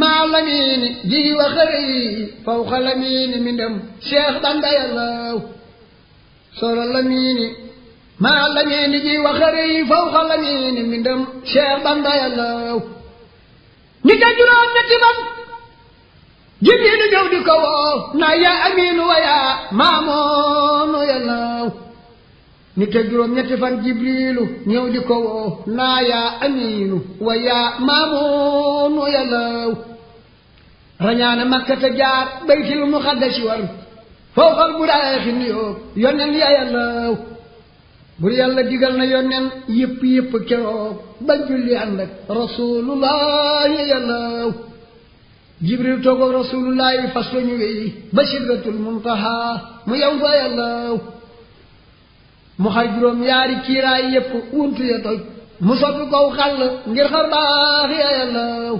maa lamiini ji waxari fawqa lamiini mi lamiini maa lamiini ji waxari fawqa lamiini mi dem Cheikh Bamba yàllaaw jibrilu ñëw di ko woo naa yaa amiinu wa yaa maamoonu yàllaaw ñu te juróom ñetti fan jibrilu ñëw di ko woo yaa amiinu wa yaa maamoonu yàllaaw rañaana makkata jaar baytil muqaddasi war fawqal buraaxi niyoo yonen yaa yàllaaw bur yàlla digal na yonen yëpp yëpp keroog ba julli ànd ak rasulullahi jibril toog ak rasulullahi fas la ñu wéy ba muntaha mu yow fa yàllaw mu xar yaari kiiraay yépp wuntu ya toj mu soppi kow xàll ngir xar ya yàllaw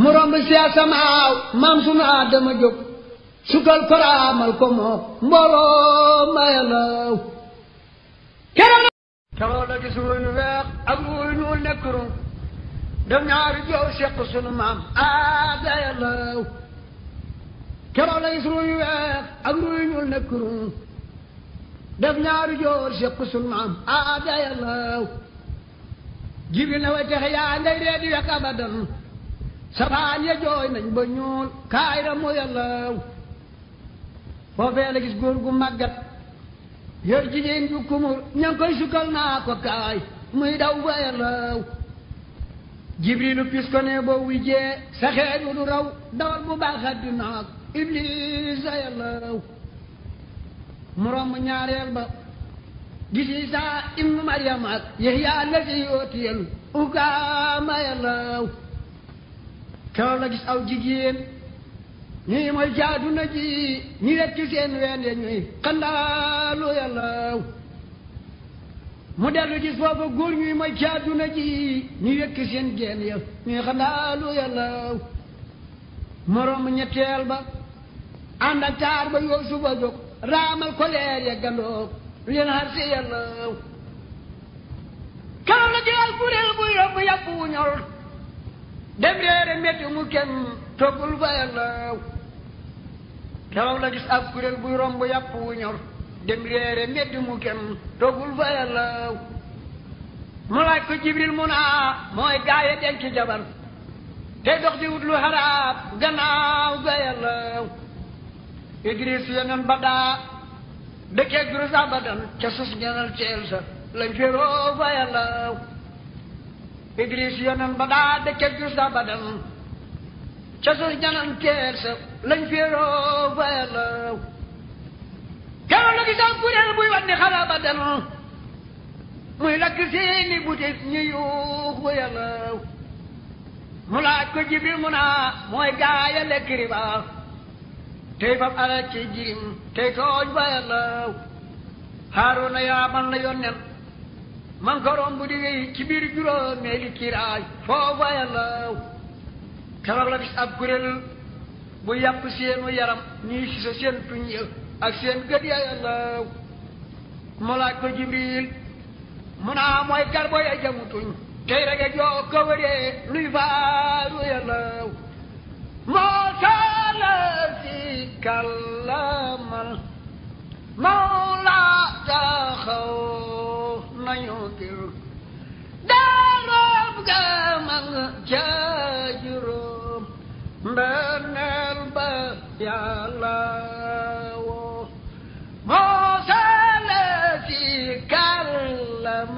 mu romb si asamaaw maam sunu aadama jóg sukkal koraamal ko moom mbooloo ma yàllaw keroog la gis wuy nu weex ak wuy nuul nekk def ñaari jow seq sunu maam aada yàlla raw keroog lay ak ruy ñuul nekk ñaari joor seq sunu maam aada yàlla raw jibil na way yaa ngay ree di wekk abadan sabaan ya jooy nañ ba ñuul kaay ra mu yàlla raw foofee la gis góor gu màggat yor jigéen ju kumur ña kaay muy daw ba jibrilu piskone boo wujjee sa xeet wu raw dawal bu baax àddina ak iblis a yàlla raw mu romb ñaareel gis isa ibnu mariam ak yaxya la si yootiyel ukaama yàlla raw keroog la gis aw jigéen ñii mooy jaaduna ji ñi rekk seen ween ya ñuy xandaalu yàlla mu dellu gis foofa góor ñuy mooy ci àdduna ji ñu yëkk seen génn ya ñuy xandaalu yàlla moroom ñetteel ba ànd taar ba yoo suba jóg raamal ko leer ya gandoog leen xar si yàlla keroog la jëlal kuréel buy yóbbu yàpp wu dem réere métti mu kenn toggul fa yàlla keroog la gis ab kuréel buy romb yàpp wu dem réere meddi mu kem dogul fa yàlla mu laaj ko jibril mu naa ah, mooy gaaye denc jabar te dox di wut lu ga yàlla idris yeneen ba daa dëkkee gurus abadan ca sus genal ceel sa lañ féroo fa yàlla idris yeneen ba daa dëkkee gurus abadan ca sus genal ceel sa lañ féroo fa yàlla keroog la gis ak kuréel bu wan xala ba den muy lakk seeni butit ñu yuuxu yàlla mu laaj ko jibril mu naa mooy gaaya lekk riba tey fab alal ci jirim tey tooj ba yàlla Haaruna yaa man la yónneen man ko romb di wéy ci biir juróomeeli kiiraay foofa yàlla keroog la gis ak kuréel bu yàpp seenu yaram ñuy si sa seen ak seen gët ya yàlla mu laaj ko jibril mu naa ah, mooy garbo ya jamutuñ tey rek a joo ko wëree luy faaru yàlla moo saala si kàllamal mawla taxaw nañu ngir daaroom ga man jaajuróom mbeneel ba yàlla موسى الذي كلم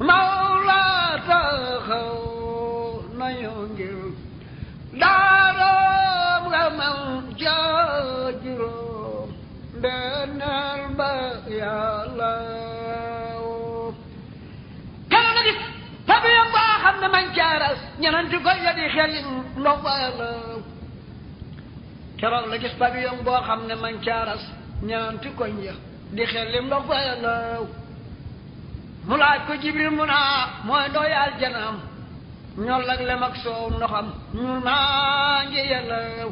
المولى تخون ينجر دارم لمن جاجر بين البيالاو كان نجس تبي الله خمنا من جارس ñeneen di koy yadi xel ndox la keroog la gis pavillon boo xam ne man caaras ñeenti koñ ya di xellim ndox fa yàllaw mu laaj ko jibril mu naa mooy ndox yaal janaam ñol ak lem ak soow ndoxam ñuul maa ngi yàllaw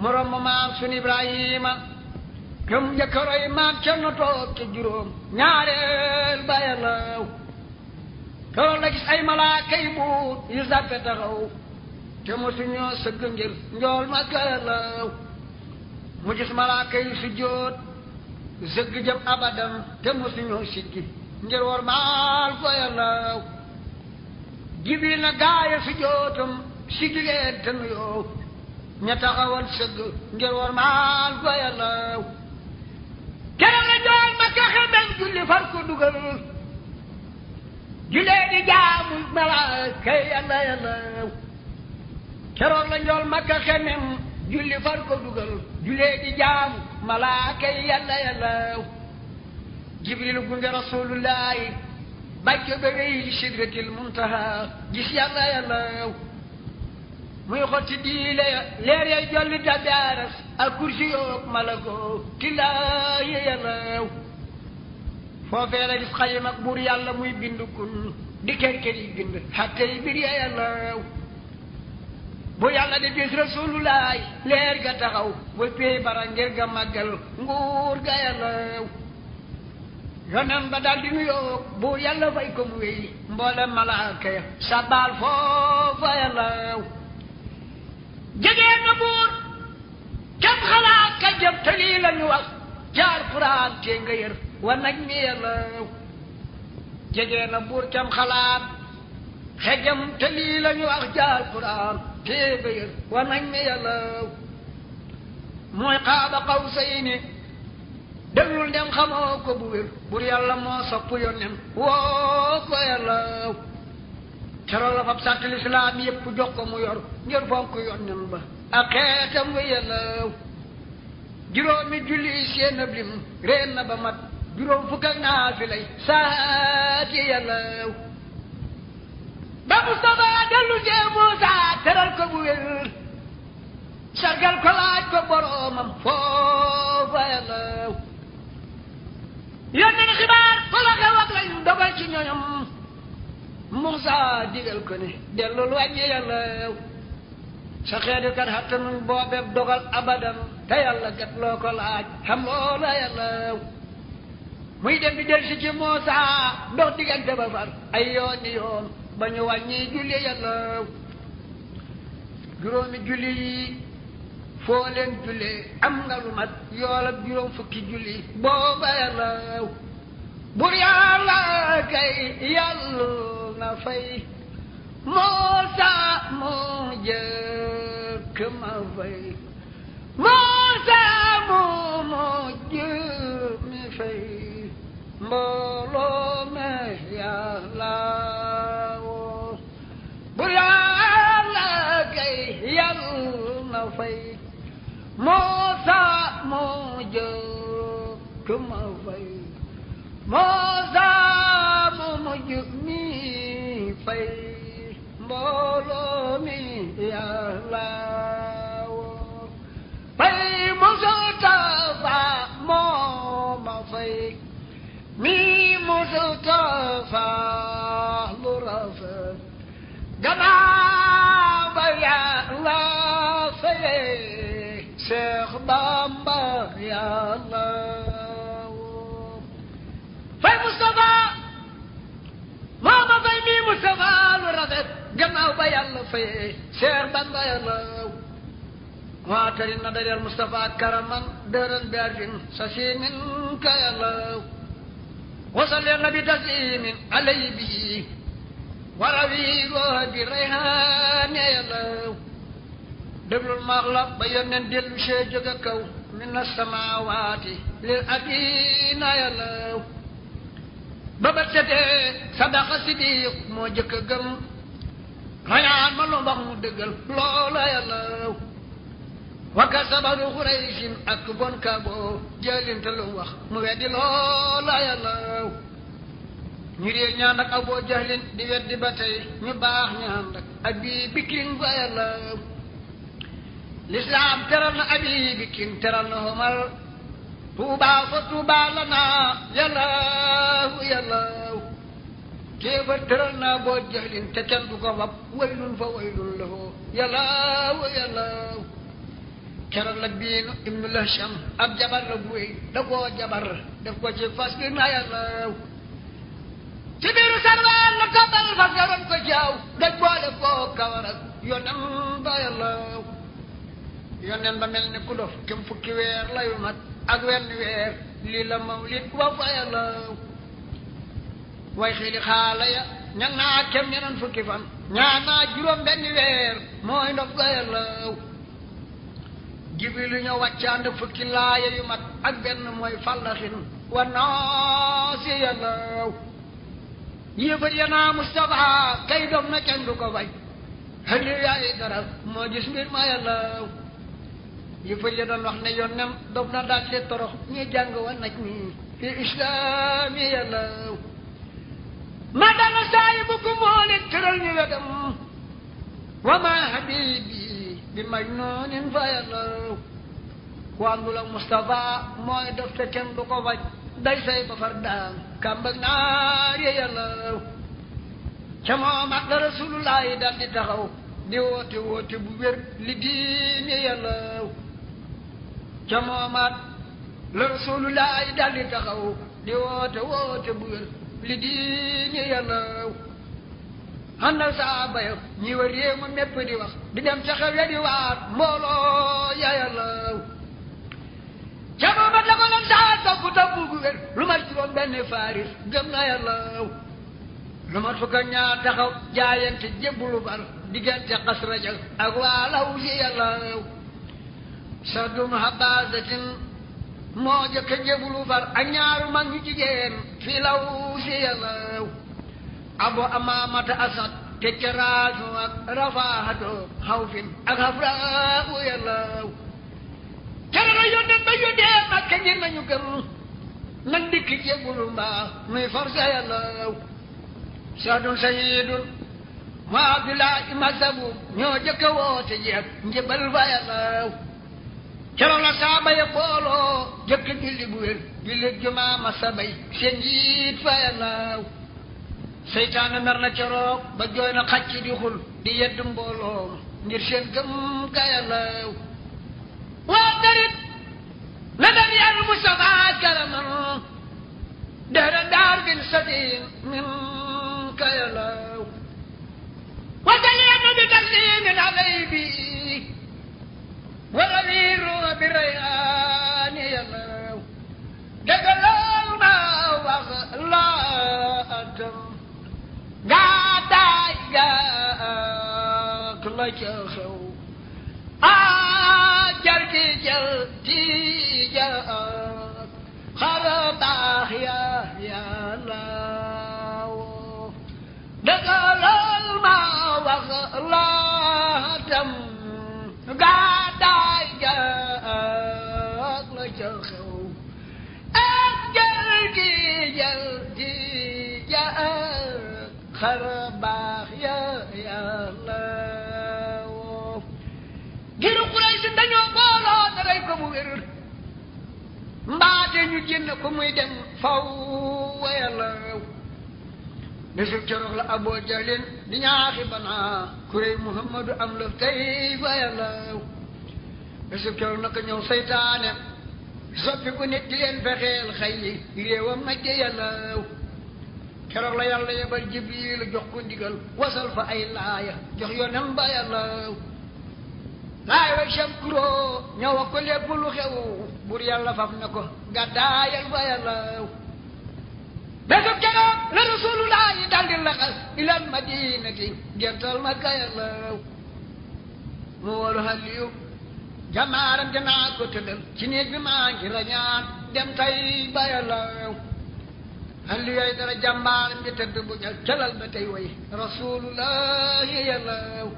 mu romb maam sun ibrahima gëm njëkkëroy maam ca na toog ca juróom ñaareel ba yàllaw keroog la gis ay malaaka yi buut yu sàppe taxaw te mosuñoo sëgg ngir njool ma ka yàllaw mu gis malaaka yi sujjóot zëgg jëm abadan te musuñu siggi ngir war maal ko yàllaw jibril na gaaya sujjóotam siggi leen te nuyoo ña taxawal sëgg ngir war maal ko yàllaw keroog la joon ma julli far ko dugal julee di jaamu malaaka yàlla yàllaw keroog la jool ma julli far ko julee di jaamu malaaka yi yàlla yàllaaw jibril gunge rasulullahi bàcco ba rëy li sidratil muntaha gis yàlla yàllaaw muy xotti diile ya leer ya jolli tabi aras ak kursi yoog malako tilaayi yàllaaw foofee la gis xayim ak buur yàlla muy bind kun di kerkeri bind xattey bir ya yàllaaw bu yàlla di gis rasulullaay leer ga taxaw ba pey bara ga màggal nguur ga yàllaw yonen ba daal di nuyoo bu yàlla fay ko mu wéy mboole sabaal foofa yàllaw jegee na buur kenn xalaat quraan tee nga wa naj mi yàllaw jegee na buur kenn quraan طيب ونجمي الله mooy xaaba xaw say ni déglul dem xamoo ko bu wér bur yàlla moo sopp yónnem woo ko yàlla tero la fab sàtt lislaam yépp jox ko mu yor ngir fonk yónnem ba ak xeetam ba yàlla juróomi julli seen ab lim reen na ba mat juróom fukk ak naa fi lay ba Moustapha dellu see Moussa teral ko bu wér sargal ko laaj ko boroomam foofa yàllaw yónnee xibaar ko la dogal ci ñoñom Moussa digal ko ne dellul wàññi yàllaw sa xeeti kat xattanuñ boobeeb dogal abadan te yàlla gat loo ko laaj xam loola yàllaw muy dem bi del si ci Moussa ndox diggante ba far ay yoon yoon ba ñu wàññi julli yàlla juróomi julli yi foo leen jullee am nga lu mat yoolab juróom fukki julli booba yàlla bur yàlla kay yàlla na fay moo saa moo jëkk ma fay moo saa moo moo jëkk mi fay mbooloo me yàlla la fay moo saa moo jël ku ma fay moo saa moo mujj mi fay mbooloo mi yàlla woo fay Mustafa moo ma fay mi Mustafa lu rafet gannaaw ba yàlla Seex Bamba yàlla fay Moustapha maa ma fay mii Moustapha lu rafet gannaaw ba yàlla fayee Seex Bamba yàlla waa tari na dajal Moustapha karaman dëran biardin sa siimin ka yàlla wasallee na bi taslimin alay bi warawi go di rayhaane yàlla déglul maax la ba yónneen dellu see jóge kaw min as-samaawaati lil adina yalaw ba ba setee sadaqa sidiq moo jëkk a gëm rayaan ma lu mbax mu dëggal loola yalaw wakka sabaru xuraysin ak bon kaboo jëlinte wax mu weddi loola yalaw ñu réer ñaan ak aboo jahlin di weddi ba tey baax ñaan ak abi bikrin ba lislaam teral na abi teral na Omar tuubaa fa tuubaa la naa yàllaahu yàllaahu kéefar tëral naa boo jahlin te kenn du ko fa waylun lahu yàllaahu keral la biinu ibnu ab jabar la buy jabar def ko ci fas bi jaaw daj boole koo kawar ak yonam yónneen ba mel ni ku dof kem fukki weer layu mat ak wenn weer lii la mawlid wa fayalaw way xili xaala ya ñag naa fukki fan ñaa naa juróom benn weer mooy ndof fukki laaya yu mat ak benn mooy fallaxin wa naasi yalaw kay dof na kenn ko bay xëli yaay dara moo gis mbir ma yalaw yi fa ya ne yoon nem doom na daal see wa naj fi islaami yàllaw ma dana saahibukum moo leen tëral ñu wa ma habibi bi majnuunin fa yàllaw ku àndul ak Moustapha mooy def te kenn ko faj day say ba far daan kàmbag naar ya yàllaw la rasulullah yi taxaw di woote woote bu wér li diine yàllaw ca moomaat la rasulullahi daldi taxaw di woote woote bu wér li diine yàllaw xam na saaba ya ñi war réew ma di wax di dem ca xew waat mbooloo ya ca moomaat la ko lan saa topp topp bu wér lu mat juróom benn faaris gëm na yàllaw lu ma fukk ñaar taxaw jaayante jébbulu bar diggante xasraja ak waalaw yi yàllaw saddu mahabbasatin moo jëkk a jébulu far ak ñaaru mag ñu jigéen fi law si yàllaw abu amaamata asad te caraatu ak rafaahatu xawfin ak hafraabu yàllaw cere na yónneen ba yónnee ak ka ngir nañu gëm nag dikk jébulu mbaa muy forsa yàllaw saddu sayidun maa fi laa i masabu ñoo jëkk a woote jeeg njëbal fa yàllaw keroog la saaba ya booloo jëkk julli bu wér julli jumaa ma sabay seen njiit fa yàllaaw seytaane mer na keroog ba jooy na di xul di yedd mbooloo ngir seen gëm ka yàllaaw waa darit la dal yàlla mu sabaa karaman dara daar bin sadin min ka yàllaaw wa dal yàlla bi taslimin alay bi ونذير بريان يلو دقلنا وغلا أدم قادا يا كل شخو xarbaax ya yàlla woo giru Quraysh dañoo booloo daray ko mu wér mbaate ñu génn ko muy dem faw wa yàlla bisu keroog la Abu Jalin di ñaaxi banaa kuréy Muhammadu am lëf tey wa yàlla bisu keroog naka ñëw seytaane soppi ku nit di leen fexeel xëy yi réewam nag di yalaaw keroog la yàlla yebal jibriil jox ko ndigal wasal fa ay laaya jox yonen ba yalaaw laay wa shamkuroo ñoo wax ko lépp lu xew bur yàlla faf na ko gàddaayal fa yalaaw bésu keroog la rasulullaahi daldi laxas ilal madinati gertal ma ka yalaaw mu wolu xaliyu jamaaram janaa ko tëddal ci néeg bi maa ngi rañaan dem tay bayalaw alli yooyu dara jàmbaaram ji tëdd bu jël calal ba tey way rasulullahi yàllaw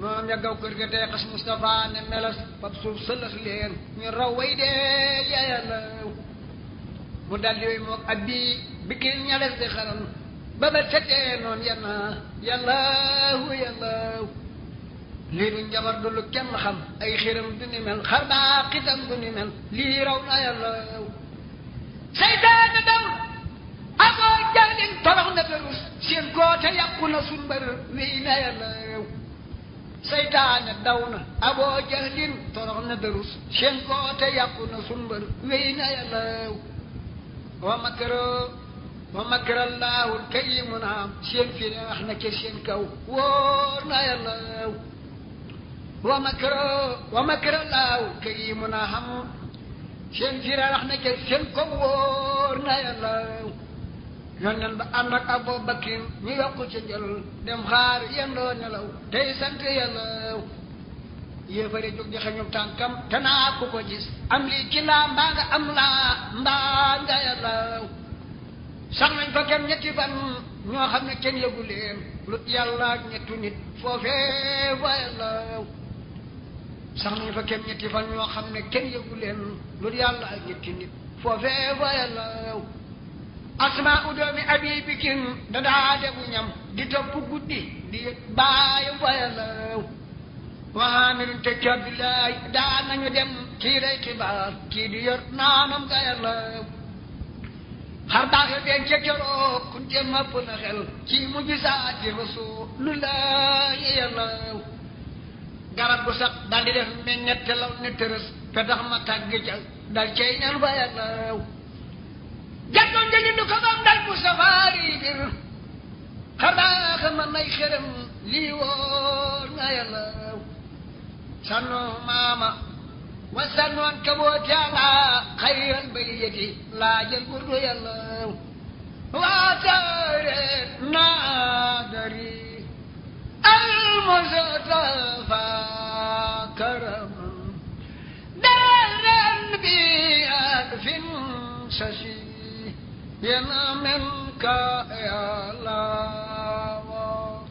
moom ya gaw kër ga tey xas Moustapha ne melas fab suuf sëlëx leen ñu raw way dee yàllaw mu dal yooyu moog ak bii bikil ña des di xaram ba ba setee noonu yàlla yàllaw yàllaw lii du njabar du lu kenn xam ay xiram du ni mel xar baa xitam du ni mel lii raw na yàlla yow daw aboo jaalin torox na berus seen goote yàqu na na yàlla yow na aboo jaalin wa makaro wa makarallaahu kayimu naam seen fi ne na ca kaw wóor na yàlla yow ومكروا ومكر الله كريم هم seen firarax na ca seen ko wóor na yàlla yonent ba ànd Abu Bakrin ñu yokk ca dem xaar yendoo nelaw tey sant yàlla yéefare jóg di xañum tànkam te naa ku ko gis am lii ci laa mbaa nga am laa mbaa sax nañ fa kem ñetti fan ñoo xam ne kenn yëgu leen lu yàlla ak ñetti nit foofee fa yàlla asmaa doomi abi bikin da daa di topp guddi di baayam fa yàlla yow waamilun te cabilaay daa nañu dem kii day xibaar kii di naanam ga yàlla kii mu gisaati rasulullahi yàlla yow garab gu sax dal di def meññet te law ne tërës te tax ma tàgg ca dal cay ñaan ba yàllaw jàppoon te ñu ko moom dal bu safaari bir xanaa ma may xërëm lii woon na yàllaw sànnu maama wa sànnu an kabooti ala xayral bariyati laa jël burdu yàllaw waa taare naa dari المصطفى كرم دارا بألف ششي منك يا الله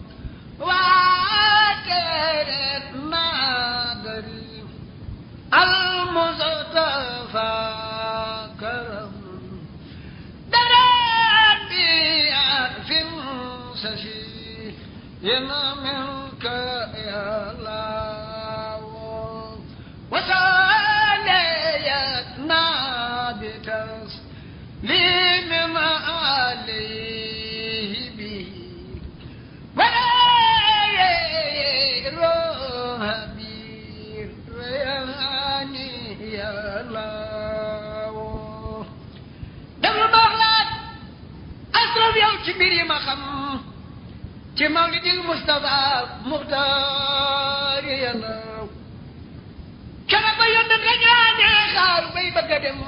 وعكرت نادري المصطفى كرم دارا بألف ششي إن منك يا الله وساليتنا بتسليم عليه به وغير هبير يعني يا الله دبر بغلاد أسرب يوم كبير ما خم ci mawlidil Mustafa Muxtaar yanaw kera ba yonda dañaane xaaru bay bëgg a dem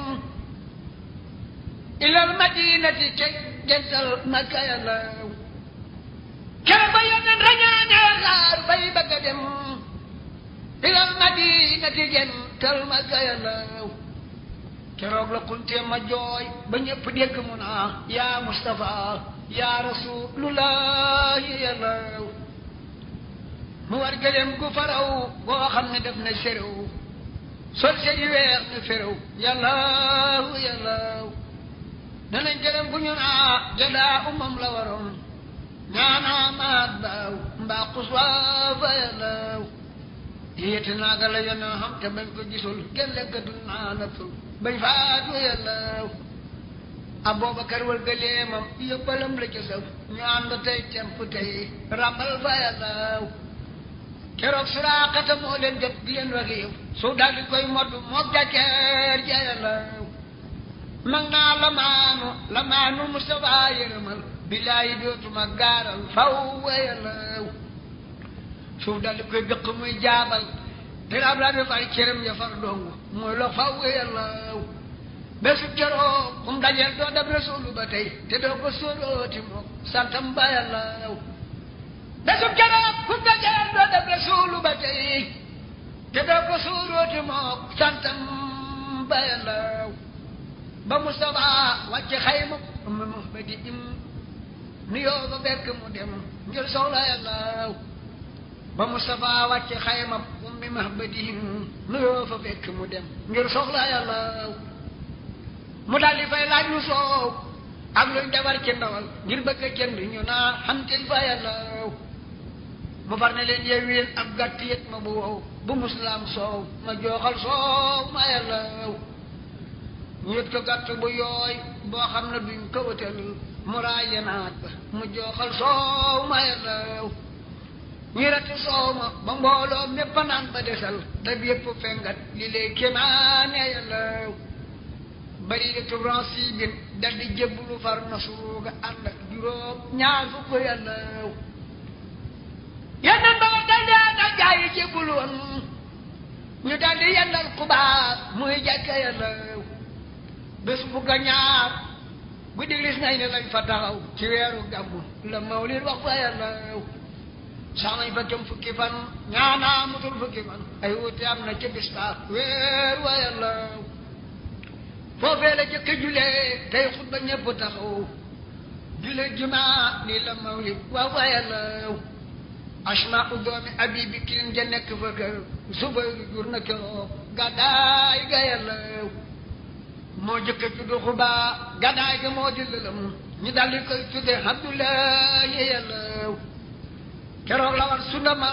ilal madinati ca gental Makka yanaw kera ba yonda dañaane xaaru bay bëgg a dem ilal madinati gental Makka yanaw keroog la kunte ma jooy ba ñëpp dégg mu naa yaa Mustafa yaa rasulullahi yàllaw mu war gëleem gu faraw boo xam ne def na séréw sol seri weex ne féréw yàllaw yàllaw danañ gëleem gu ñu umam la waroon ñaanaa maat baaw mbaa xuswaafa yàllaw yéete naaga la yona xam te bañ ko gisul gelle gëdul naa nafsul bañ faatu Abubakar wal gëleemam yóbbalam la ci saw ñu ànd tey temp tey rabal fa yàllaaw keroog suraaqata moo leen jot di leen su daal di koy modd moog jàkkeer ja yàllaaw mag naa lamaanu lamaanu Mustafaa yërëmal bilaayi dootuma gaaral faw wa yàllaaw jaabal te raab raab yi far cëram ya la faw wa bésu keroo kum dajeel doo dab rasulu ba tey te doo ko sóolooti moom santam ba yàlla yow bésu keroo kum dajeel doo dab rasulu ba tey te doo ko sóolooti moom santam ba yàlla yow ba mu sabaa wàcc xayma mu ba di im nu yoo ba bekk mu dem ngir soxla yàlla yow ba Moustapha wàcc xayma ummi mahbadihim nuyoo fa fekk mu dem ngir soxla yàlla mu daal di fay laaj lu soow ak luñ defar ci ndawal ngir bëgg a jënd ñu naa xamtil fa yàllaw mu far ne leen yow yéen ab gàtt yët ma bu wow bu muslaam soow ma jooxal soow ma yàllaw ñu yët ko mu raay soow ma yàllaw ñu rati ba mbooloo mépp naan ba desal te yëpp fengat li lay kéemaane baydatu rasi bi daldi jébbalu far nasuuga ànd ak juróom ñaar fukk yàlla yenn mbaa daldi ànd ak gaa yi jébbalu woon ñu fukk a ñaar guddi lis nay ne lañ fa taxaw ci weeru gàmmu la mawlid wax fa yàlla saamañ fa fukki fan ñaanaa mutul fukki fan ay wuute am na ci bis weer wa yàlla foofee la jëkk julee tey xutba ñëpp taxaw jule jumaa ni la mawlid waaw waaye la asmaa u doomi abi bi ja nekk fa kër suba jur na keroog gàddaay ga yàlla moo jëkk tudd xubaa gàddaay ga moo di lëlëm ñu dal di koy tudde abdullahi yàlla keroog la war su ndama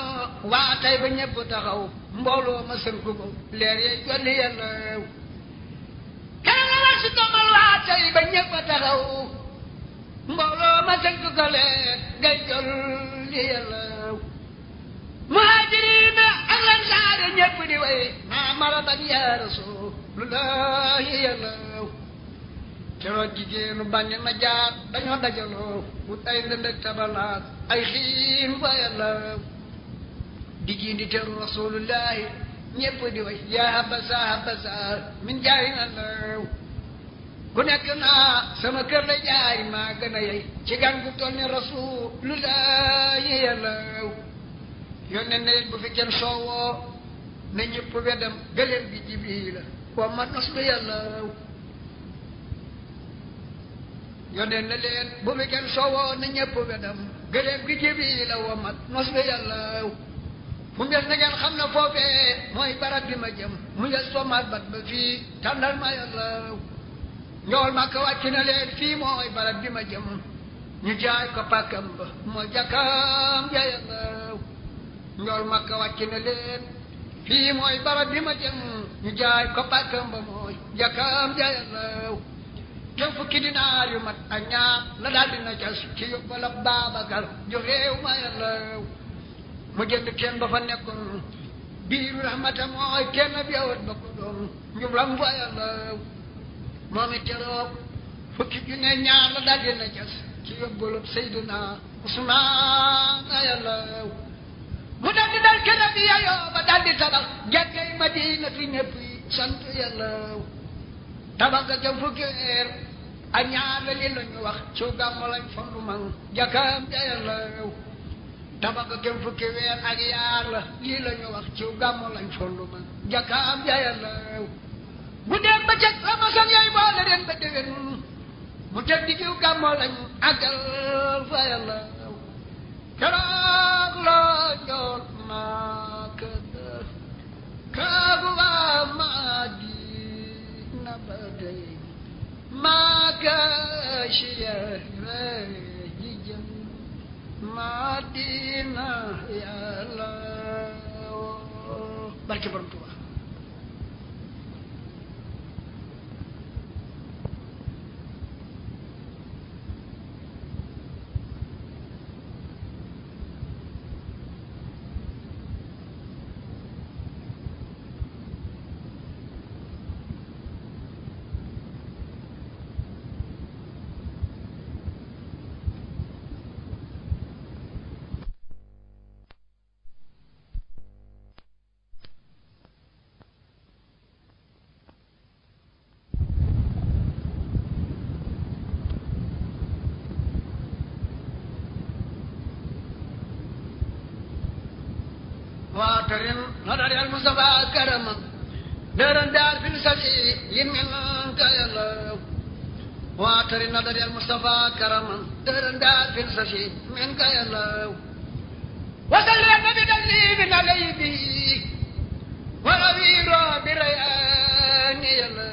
waa tey ba ñëpp taxaw mbooloo ma sënku ko leer yey jolli yàlla keroog la war si tombal waa tey ba ñëpp a taxaw mbooloo ma sënk ko leer ngay jol li yàlla muhaajiriin ak lansaar ñëpp di way maa maradan yaa rasuulullaah yàlla keroog jigéenu bànni na jaar dañoo dajaloo wut ay ndëndëg tabalaat ay xiin fa yàlla di teru rasuulullaahi ñépp di wax jaa basaar basaar min jaay law ku nekk naa sama kër la jaay maa gën a yey ci gan gu toll ni rasulullahi yàllaw yónnee na leen bu fi kenn soowoo na ñëpp weddam gëleen bi jibii la wa ma nos lu yàllaw yónnee na leen bu fi kenn soowoo na ñëpp weddam gëleen bi jibii la wa ma nos lu mu njël na ngeen xam ne foofee mooy barab bi ma jëm mu njël sommaat bat ba fii tànnal ma yàlla njool màkk wàcc na leen fii mooy barab bi ma jëm ñu jaay ko pàkkam ba moo jàkkaam ja yàlla njool màkk wàcc na leen fii mooy barab bi ma jëm ñu jaay ko pàkkam ba mooy jàkkaam ja yàlla te fukki dinaar yu mat ak ñaar la daal dina cas ci yóbbal ab Baabakar ju réew ma yàlla mu jënd kenn ba fa nekkoon biiru rahmata mooy kenn bi awat ba ko doom njublam fa yàlla moom it keroog fukki junne ñaar la daal dina jas ci yóbbalub Seydina Usmaan yàlla mu daal di dal bi yayoo ba daal di tabax jàkkay Madina fi ñëpp yi sant yàlla tabax ga ca fukki weer ak ñaar la li la ñu wax ci gàmm lañ fa lu mag jàkkaam yàlla tabaga kem fukki weer ak yaar la lii la ñu wax ci gàmmu lañ follu ma jakaam jayalaw bu deen ba cëg ama sam yay boole den ba déwén mu tëg di ciw gàmmu lañ àggal fa yalaw keroog la joot maaka kaagu waa madina ba day maaka madina yàlla barke borom Tuuba واكرم نظري المصطفى كرم دار دار في السفي يمنك يا الله واكرم نظري المصطفى كرم دار دار في السفي منك يا الله وسلم بتسليم علي به ونذير بريان يا الله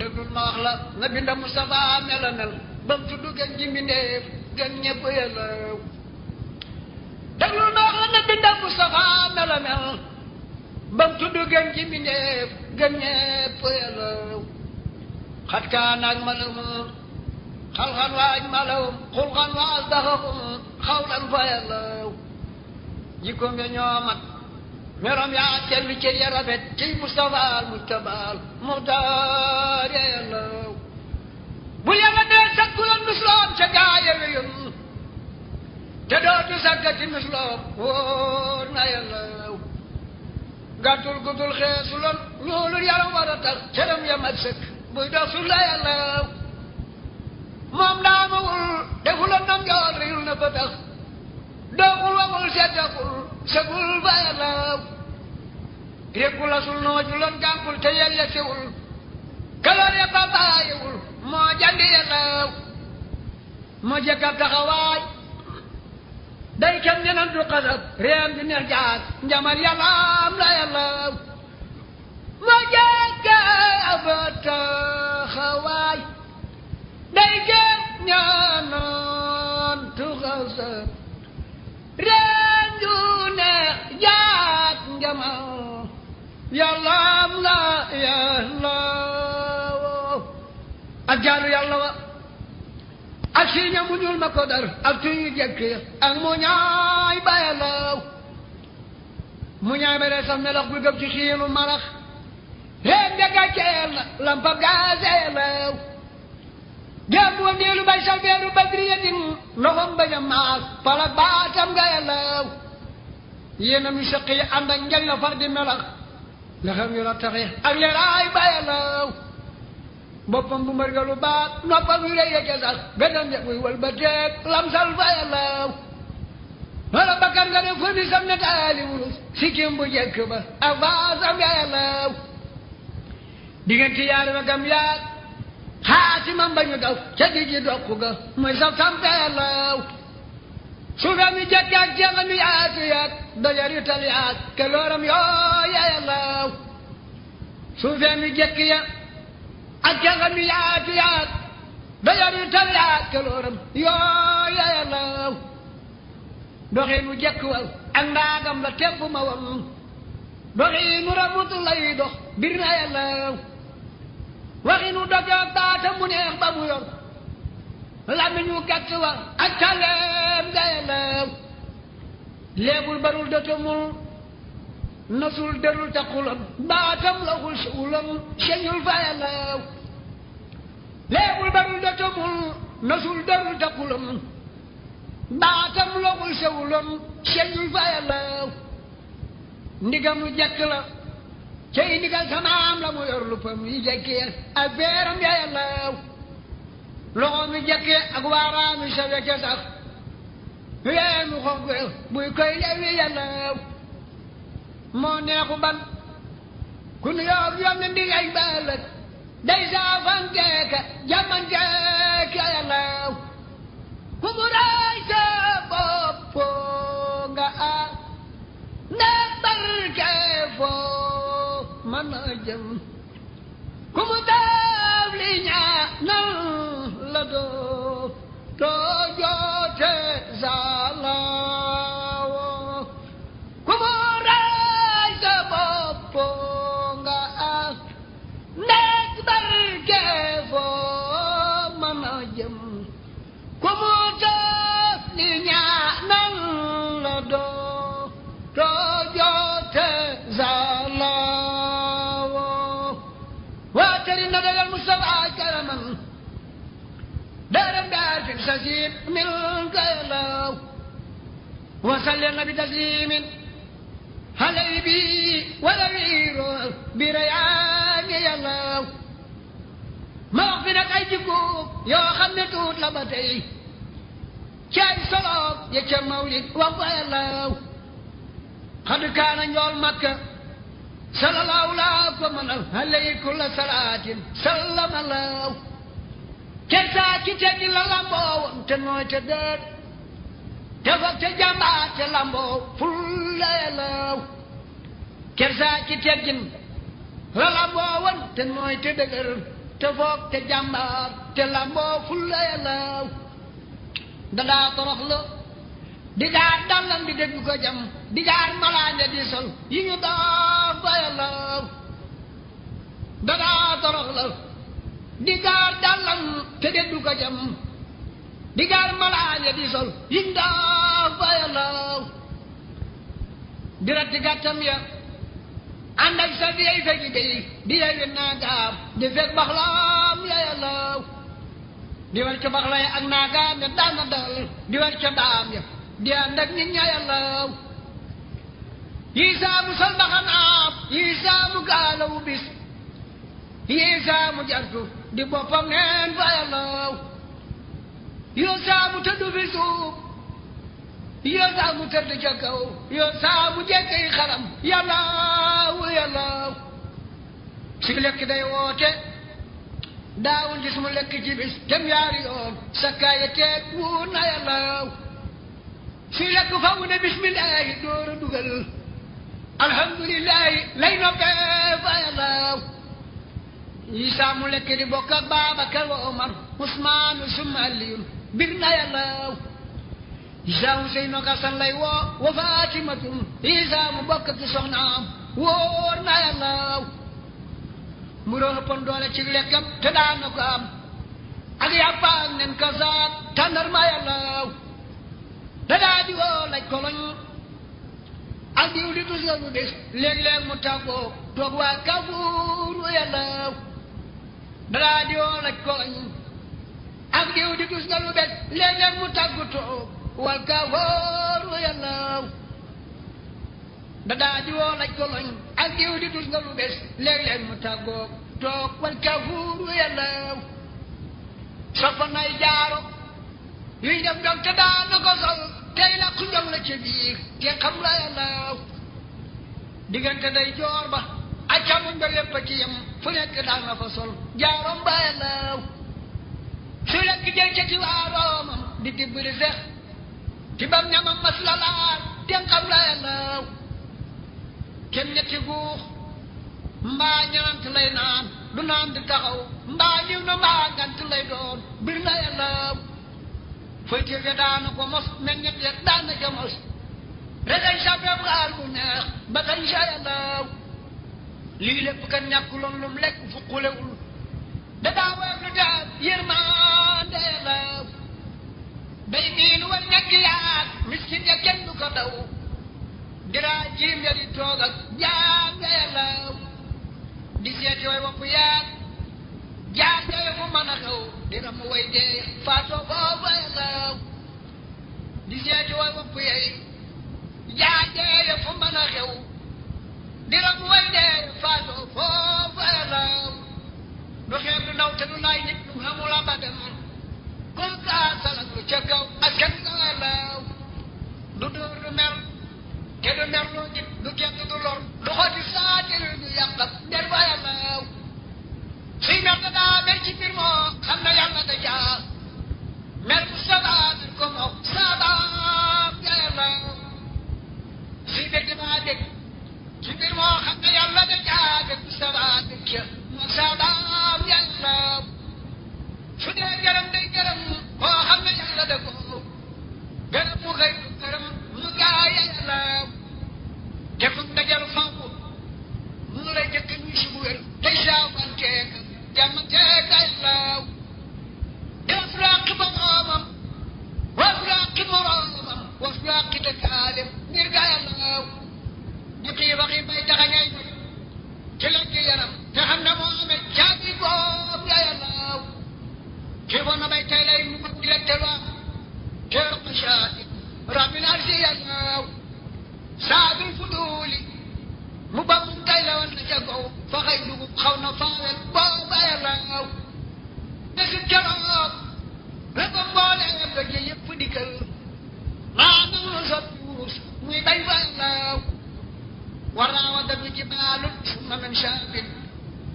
déglu noox la na binda Moustapha mela mel ba mu tudd gën ji mbindéef gën ñëpp yàlla déglu na bindal Moustapha melo mel bam tudd gën ci mbindeef gën ñepp yellow xat kaan ak malawum xalxan waa aj malawum xulxan waa asdaxakum xawlan fa yellow jikkoom ya ñoo mat merom yaa tellu cër ya rafet ci Moustapha al mujtabal muxtaar ya yellow bu yàlla dee sakkuloon musloom ca gaaya weyum te dootu sàkkati misloo wóor na yàlla gàttul guddul xeesu lool loolu yàlla war a tal cëram ya mat sëkk buy dox su la yàlla moom daamawul defula nam joor riil na bëtax doxul waxul seddakul sëgul ba yàlla rékku lasul nooju loon gànkul te yelle siwul kaloor ya ko bàyyiwul moo jandi yàlla moo jëkkab taxawaay day kenn dinañ du xasab réem bi neex jaar njamal yàllaam la yàllaam ma jekka aba taxawaay day jéem ñaanoon tu xasab réem ju neex jaar njamal yàllaam la yàllaam ak jaaru yàlla wa ak siiña mu ñuul ma ko dar ak tuyu jëkk ya ak mu ñaay bayalaw mu ñaay ba dee sax melax gu gëb ci xiinu marax hee nga gàcceel na lampa gaaseelaw géem wa niilu bay sa beeru badriya din loxom bañ a maas pala baatam nga yalaw yéena mi sëq yi ànd ak njëg na far di melax la xam yu la taxe ak leraay bayalaw boppam bu mërgalu baat noppam yu rëy yëcca sas gënam ya muy ba teeg lamsal fa yàllaw mala bakkan nga ne fëni sam ne taali wurus sikkim bu jekk ba ak baasam ya yàllaw diggante yaari magam yaar xaasimam ba ñu daw ca diggi dokk ga muy saf sam fa yàllaw suufam yi yi yaatu yaat dojar yu tal yaat ke looram yoo ya yàllaw suufam yi jekk ya ak jaxam yaatu yaat da yaru taw yaat calooram yooyee law doxinu jekk wal ak ndaagam la tebb ma wal doxinu rafut lay dox bir na yàllaw waxinu dojoog taata mu neex ba mu yor lamiñu gàtt wal ak caleem ga yàllaw léegul barul dotamul nasul derul taqulam baatam lawul suulam señul fayalaw leebul barul dotomul nasul derul taqulam baatam lawul suulam señul fayalaw ndigam lu jekk la cay ndigal samaam la mu yor lu pam yi jekkee ak beeram yayalaw loxo mi jekkee ak waaraami saweke sax yee mu xof buy koy lewi yalaw moo neexu ban kun yor yoon di ay balak day saafanteeka jamanteeka yalaaw ku mu raay sa bopp nga aar nda barke foo mën a ku mu taaf li ñaa nan la doo doo joote saalaaw foo nga am ndéeg barke foo mën a jëm ku mu toog di ñaanal la doo too joote zalaawoo waatari na dalal Mustafa karaman daram daar fi sasiib min kalaw wasalli na bi tasliimin هلي بي ولغير بريان يلا ma wax fi nag ay jikko yoo xam ne tuut la ba tey caay soloob ya ca mawlid wax fa yàllaw xad kaana njool makka salalaaw laa ko mënal alay kulla la lamboo woon te te déet te fa te jàmbaate lamboo fulleelaw kersaa ci teggin la lamboo woon te nooy te dëgër te foog te jàmbaar te lamboo fulleelaw dadaa torox la di jaar dallam di dégg ko jam di jaar malaane di sol yi ñu daa bayalaw dadaa torox la di jaar dallam te dégg ko jam di jaar malaan ya di sol yiñ daa fayaloo di ratti gàttam ya ànd ak sa vieille fekki yi di yeewi naagaam di fekk baxlaam ya ca baxla ya ya daan di war ca daam ya di ànd ak nit ña yaloo yii saa mu sol baxanaam yii saa mu bis yii saa jartu di boppam neen fayaloo yoo saa mu tëdd fi suuf yoo saa mu tëdd ca kaw yoo saa mu jekki xaram yàllaaw yàllaaw si lekk day woote daawul gis mu lekk ci bis dem yaari yoon sakkaaya teeg wuur na yàllaaw si lekk faw ne bismillaahi door a dugal alhamdulilahi lay noppee fa yàllaaw yi saa mu lekk di bokk ak Baabakar wa Omar Usmaanu summa Aliyun bir na yàlla isa Useynu ka sallay woo wa Faatimatul isa mu bokk ci soxnaam wóor na yàlla mburoo ëppoon doole ci lekkam te daan na ko am ak nen ka saat tàndar ma yàlla da daa di woo laj koloñ da daa di woo laj koloñ ak diw di gis nga lu bees léeg-léeg mu tàggatoo wal ka wóoru yàlla dadaa di woo laj goloñ ak diw di gis nga lu bees léeg-léeg mu tàggoo toog wal ka wóoru yàlla soppal nay jaaro yuy def dog te daa na ko sol tey la ku njom la ca biir te xam la yàlla diggante day joor ba ak càmmuñ ba lépp a ci yem fu nekk daa na fa sol jaarom ba yàlla su lekk jël ca ci di dimbali sax ci bam ñamam mas la laal tenqam la yàllaw kenn mbaa ñanant lay naan du naan di taxaw mbaa ñëw mbaa ngant lay doon bir la yàllaw fay téefe daana ko mos meññet ya daana ca mos resañ sa beeb laal bu neex ba sañ sa yàllaw lii lépp kan ñàkkuloon lum lekk fu xulewul dadaa war nu daal yërmande la day miinu war ñàkk yaat miskin ya kenn du ko daw diraa jiim ya di toog ak jaambe la di seet yooyu wopp yaat jaar yooyu mu mën a xaw dina mu way dee faatoo boobu la di seet yooyu wopp yey jaar yooyu fu mën a xew dina mu way dee faatoo boobu la lu xeeb lu ndaw te lu laay nit lu xamul abada man comme ça salag lu ca kaw askan nga laaw du dóor du mer te du mer loo nit du gedd du lor du xooti saatir ñu yàq ak der ba yàllaaw suy mer da daa mer ci mbir moo xam na yàlla da jaar mer bu sabaa bir ko moom sabaa ja yàllaaw suy bég damaa dégg ci mbir moo xam na yàlla da jaar bu sabaa bir ca moo sabaa moom yaa ngi naam su dee gërëm day gërëm boo xam ne yàlla da ko gërëm mu xëy du gërëm lu gaa yaa ngi naam defum dajal faw mu la jëkk ñu si wér day saafanteeg jàmm teeg ay laaw def ràq ba moomam wax ràq moroomam wax ràq dëkkaale ngir gaa yaa laaw ñu xii waxi bay taxañay ci lekk yaram te xam ne moo caabi boobu la yàllaaw ci bona bay tey lay mu ci lekk la te xasaati rabbil arsi yàllaaw saabil fuduli mu ba mu tey la ca kaw fa xëy dugub xaw na faawet boobu yàllaaw te si keroog la ko mboolee ba ji yëpp dikkal maa ngi soppi wurus muy bay fa وراود بجمال ثم من شاب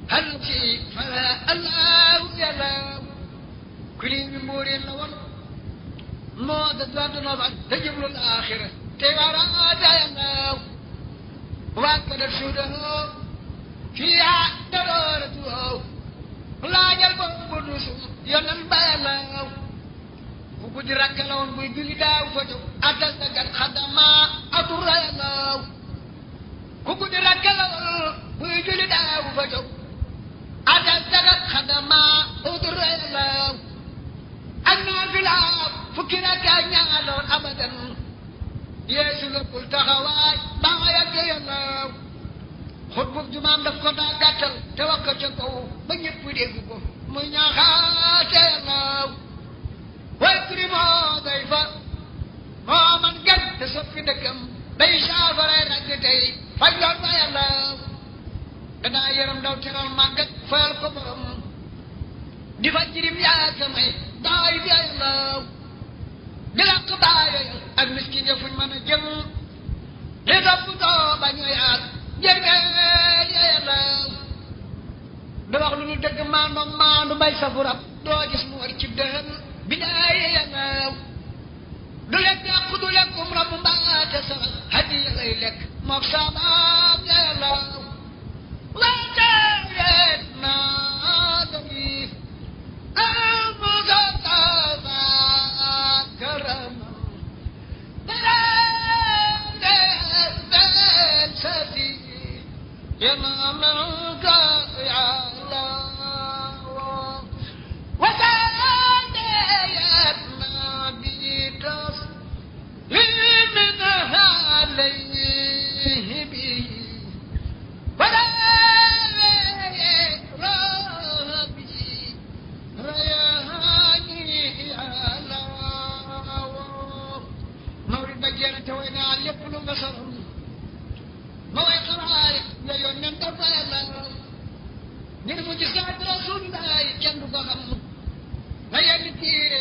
هل في فلا الآو يلاو كلي من مور الأول موت الدواب النظر تجبل الآخرة تبارا يلاو وأكد الشهداء فيها درارته لا يلقى بدوس ينم بيلاو وقد ركلون بيجي داو فجو أتسكت خدما أدرى يلاو ku guddi rakka la woon buy julli daawu fa jóg adal dara xadama uduree la ak naa fi laa fukki rakka abadan yeesu lëkkul taxawaay baax ak yàlla xutbu jumaam daf ko daa gàttal te wax ko ca kaw ba ñëpp dégg ko muy ñaaxaate yàlla way primo day fa moo man gën te soppi dëkkam day saafara rag tey faj doon ba yàlla danaa yaram daw teral màggat fayal ko borom di fa jirim yaa samay daay bi yàlla di làq baayo ak miskin ya fuñ mën a jëm di topp doo bañ a yaat jërmeel ya yàlla da wax lu ñu dëgg maandu maandu bay safurab doo gis mu war ci bi daay ya du lekk yàq du lekk umra bu mbaate sax hadiya lay lekk mook saamaam lay law wante yeet naa dami almutatama karam بلاد بلادتي يمامك يا الله عليه به فلا ربي رياني على مورد بجانة وإنا يقبل بصر موعد قرآن يا يوم ننتظر الله للمجزات رسول الله جنب ضغم رياني تيري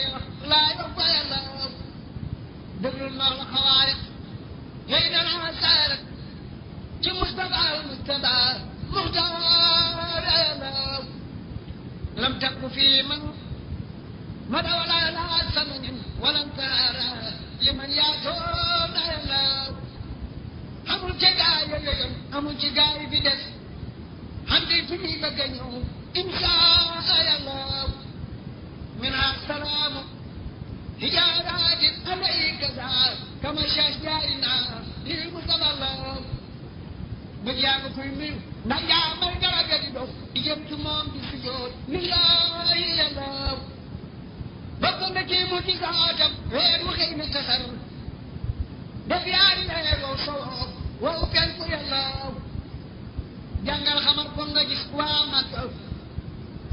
لا يقبل الله دبر الله الخوارق ci Mustafa Mustafa Muxtaar ana lam takku fi man mada wala la samanin wala taara liman yaatoon ana amul ci gaa yooyu amul ci gaa yi bi des xante fi ñuy bëgg a ñëw inshaa Allah min assalaamu hijaaratin alayka kama shajjarinaa lil Mustafa nit yaa ngi koy nuyu di dof di jëm moom di si joot li laa ilallah bokk na ci mu ci saatam weer wu xëy na saxar def yaari weer wow sowoo wow penku yàlla jàngal xamar ko nga gis waa Makka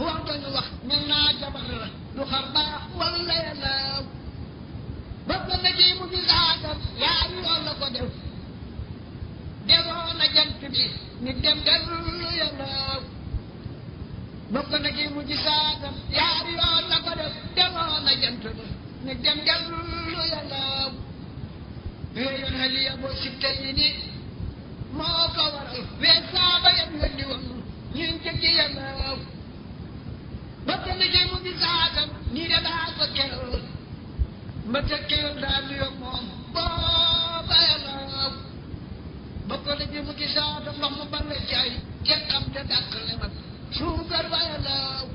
wax dañu wax mel naa jabar la du xar baax walla yàlla bokk na ci mu ci saatam yaari yoon la ko def demoon na jant bi nit dem dellu yàllaaw bokk na kii mu ci saatam yaari yoon la ko def demoon na jant bi nit dem dellu yàllaaw wéeyoon na liya boo si tey ni moo ko waral wee saaba yam yónni woon ñun jëkki yàllaaw bokk na kii mu ci saatam nii de daa ko keroon mba tëkkiyoon daa nuyoo moom bokkale bi mu gisaa da ndox mu balla jaay kenn xam te dàqale man suukar waaye laaw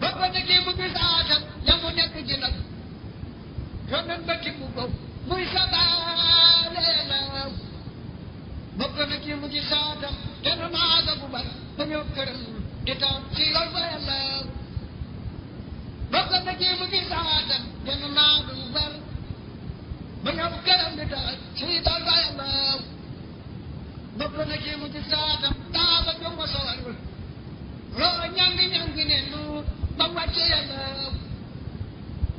bokkale bi mu gisaa tam mu nekk ci nag yonen ba ti mu bopp muy sabaale laaw mu gisaa tam te nu maaga bu bal ba ñëw këram di taam si lor waaye laaw bokkale mu gisaa tam te nu maaga bu bal ba ñëw këram di taam si lor bëgg na ci mujj saatam taaba jom ma sowal loo ñangi ñangi ne nu ba wàcce yàlla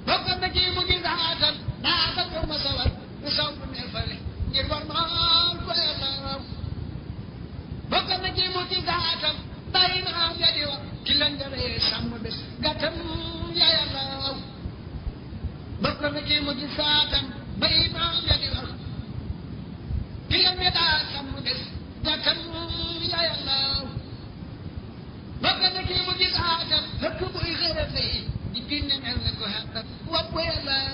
bëgg na ci mujj saatam taaba jom ma sowal lu saw bu ne fale ngir war maal ko yàlla bëgg na ci mujj saatam bàyyi naa ya di wax ki leen daree sàmm bés gàttam ya yàlla bëgg na ci mujj saatam bàyyi naa ya di wax ki leen daa sàmm استكبروا يا الله مكانك مدير آدم ركبوا غيرتي يبين من الكهنة وابو يا الله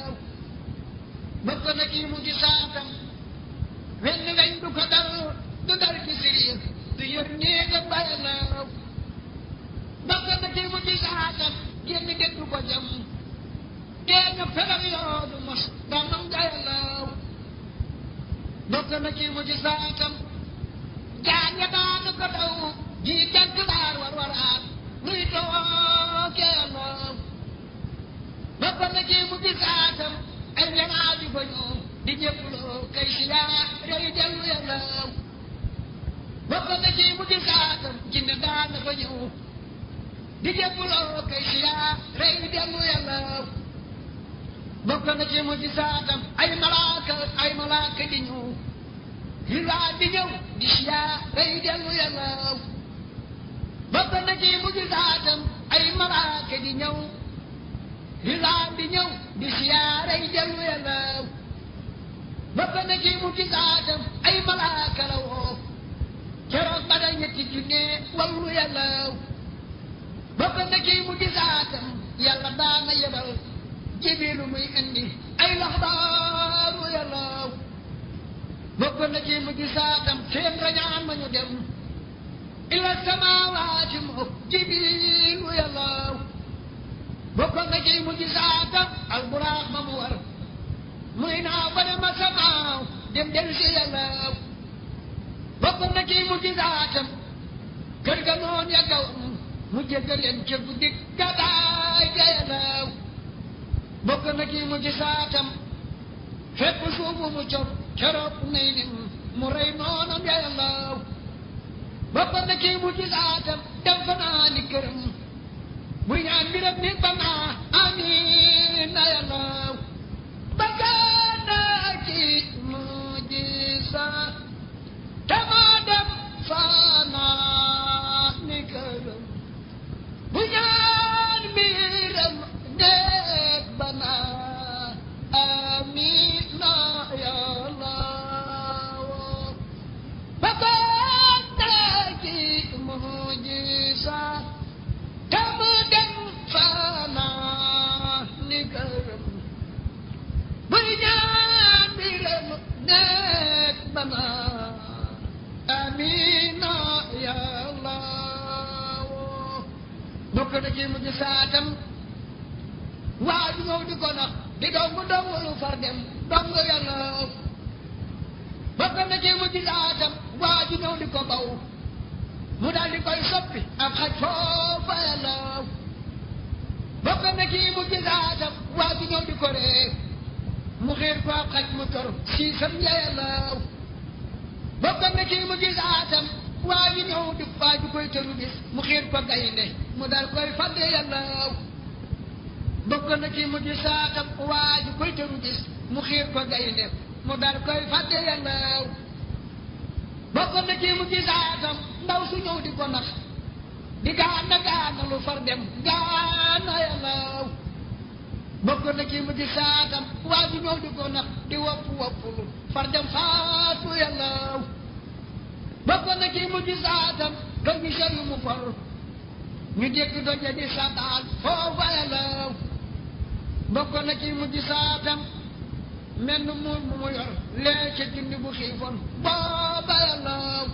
مكانك مدير آدم wenn lañ du ko dal du dal ci siriir du yor néega bari laaw mokkanaki mu gis aadam génn génn du ko jam dee nga felam yoo du mos daa man mu gis jaan ya daanu ko daw ji jant daar war waraat luy tookee moom bappa na kii mu bisaatam ay ñanaa bi fa ñoom di ñëppuloo kay siyaa rey dellu yàllaam bappa na kii mu bisaatam jinne daana fa ñëw di jëppuloo kay siyaa rey dellu yàllaam bappa na kii mu bisaatam ay malaaka ay malaaka di ñëw ngir waa bi ñëw di siyaa day dellu yàllaaw bokk na ci ay malaaka di ñëw ngir waa bi ñëw di siyaa day dellu yàllaaw bokk na ci mujjizaatam ay wallu yàllaaw bokk na ci mujjizaatam yàlla daana yebal jibilu muy indi bokk na ci mujj saatam seen rañaan ma ñu dem ila samaawaati mu jibilu yàllaaw bokk na ci mujj saatam alburaax ma mu war muy naa ba dem samaaw dem del si yàllaaw bokk na ci mujj saatam kër ya gaw mu jéggaleen ca guddi gadaay ga yàllaaw bokk na ci mujj saatam fépp suufu mu cor keroog nay nin mu rey noonam yaay allah boppa na ci wuti laatam dem fa naa ni këram mu ñaan ni ba naa amiin yaay ba gaanaa ci mu jisa dama dem fa naa bu ñaan mbiram néeg ba nekk bana amina yàlla bokk na ci mujj saatam waaju moom di ko nax di dong dong lu far dem dong yàlla bokk na mujj saatam waaju moom di ko baw mujj saatam waaju moom di ko ree mu xiir paap xaj mu këru siisam njaayalaaw bokkam na kii mu gis aatam waa ji ñëw di waa ji koy tëru mu xiir ko gaynde mu dal koy fàdde yàllaaw bokkam na mu gis aatam waa ji koy tëru gis mu xiir ko gaynde mu dal koy fàdde yàllaaw bokkam na mu gis aatam ndaw su ñëw ko nax di gaana gaana lu far dem gaana yàllaaw bokkoon na kii mu di waa ji ñëw di ko di wopp woppulu far dem faatu yàllaaw bokkoon na kii mu di saatam doon ñu seet mu for ñu dégg doon mu mu yor lee ca junni bu xiifoon booba yàllaaw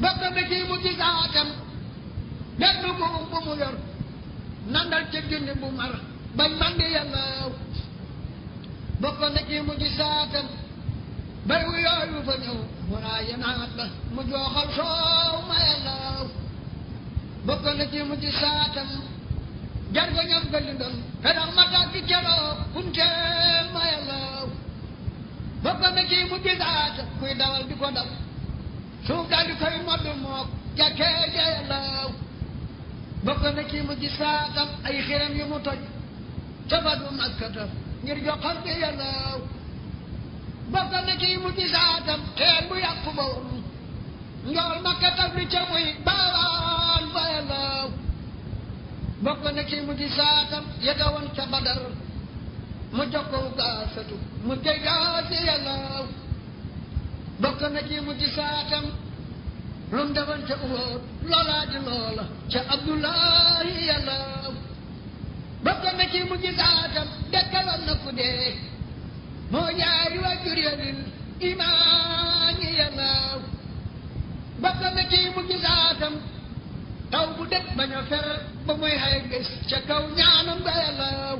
bokkoon kii mu di saatam menn mu yor nandal ca junni bu mar bañ man di yannaaw bokk na ci mujj saatam bay wu yooyu fa ñëw mu raaya naat la mu jooxal soow ma yannaaw bokk na ci mujj saatam jar ko ñam gëlli ndon te dax ma tàgg ceroo kunteel ma yannaaw bokk na ci mujj saatam kuy dawal di ko dal suuf dal di koy modd mook jàkkee ja yannaaw bokk na mu toj tafadum askatam ngir joxal bi yàllaaw bokk na ci mujj saatam xeer bu yàqu ba woon njool makkatam li ca muy baawaan ba yàllaaw bokk na ci mujj saatam yega woon ca badar mu jokkoo gaasatu mu jëy gaasi yàllaaw bokk na ci mujj saatam lu mu defoon ca uwoor loolaa di loola ca abdullahi yàllaaw bokk na ci mu gis aatam ku dee moo ñaari wajur ya lil imaani yallaaw bokk na ci mu gis taw bu dëkk bañ a fer ba muy xay bés ca ñaanam ba yallaaw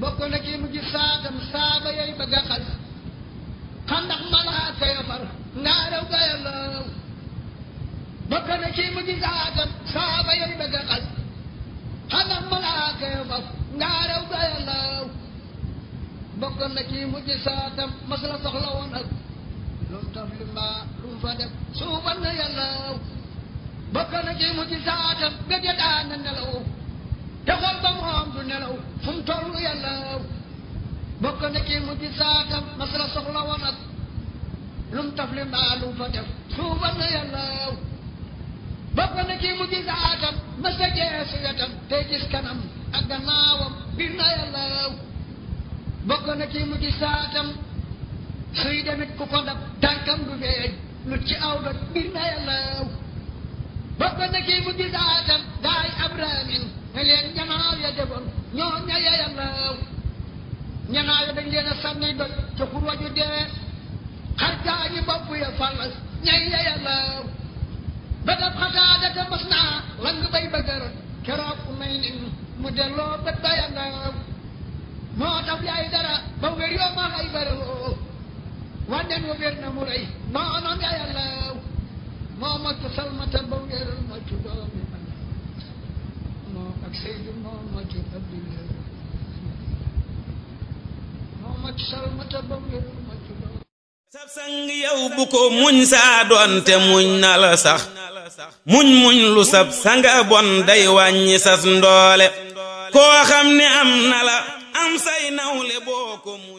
bokk na ci mu gis saatam saaba yay bëgg a xas xandax malaaka ya far ngaaraw ba yallaaw bokk na ci mu saaba yay bëgg a xanaa malaaka ya faf ngaa rew doyalaw bokk na ci mujj saatam mas la soxla woon ak mbaa lu mu fa def suufal na yàllaw mujj saatam gëj a daana nelaw te ba moom du nelaw fu mu toll yàllaw bokk na mujj saatam mas la soxla woon ak mbaa lu mu fa def bokk na kii mu gis aatam ma sa jeesu wetam tey gis kanam ak gannaawam bir na yàllaw bokk na kii mu gis saatam suy demit ku ko dab tànkam du feeñ lu ci aw doj bir na yàllaw bokk na kii mu gis aatam gaay abramin ne leen ñanaaw ya defoon ñoo ñaya yàllaw ñanaaw ya dañ leen a sànni doj ci xurwaju dee xar jaañi bopp ya fallas ñaya yàllaw ba dab xataadata mas naa lang bay bëgër keroog may nin mu delloo bët ba yàndaaw moo tax yaay dara ba wér yoo ma xay bëroo wànden wa wér na mu rëy moo onoon yaa yàllaaw moo moccu salmata ba wér moccu doomi man moo ak Seydou moo moccu Abdullah moo moccu salmata ba wér moccu doomi sab sang yow bu ko muñ saa doonte muñ na la sax muñ muñ lu sab sanga bon day wàññi sas ndoole koo xam ne am na am say nawle boo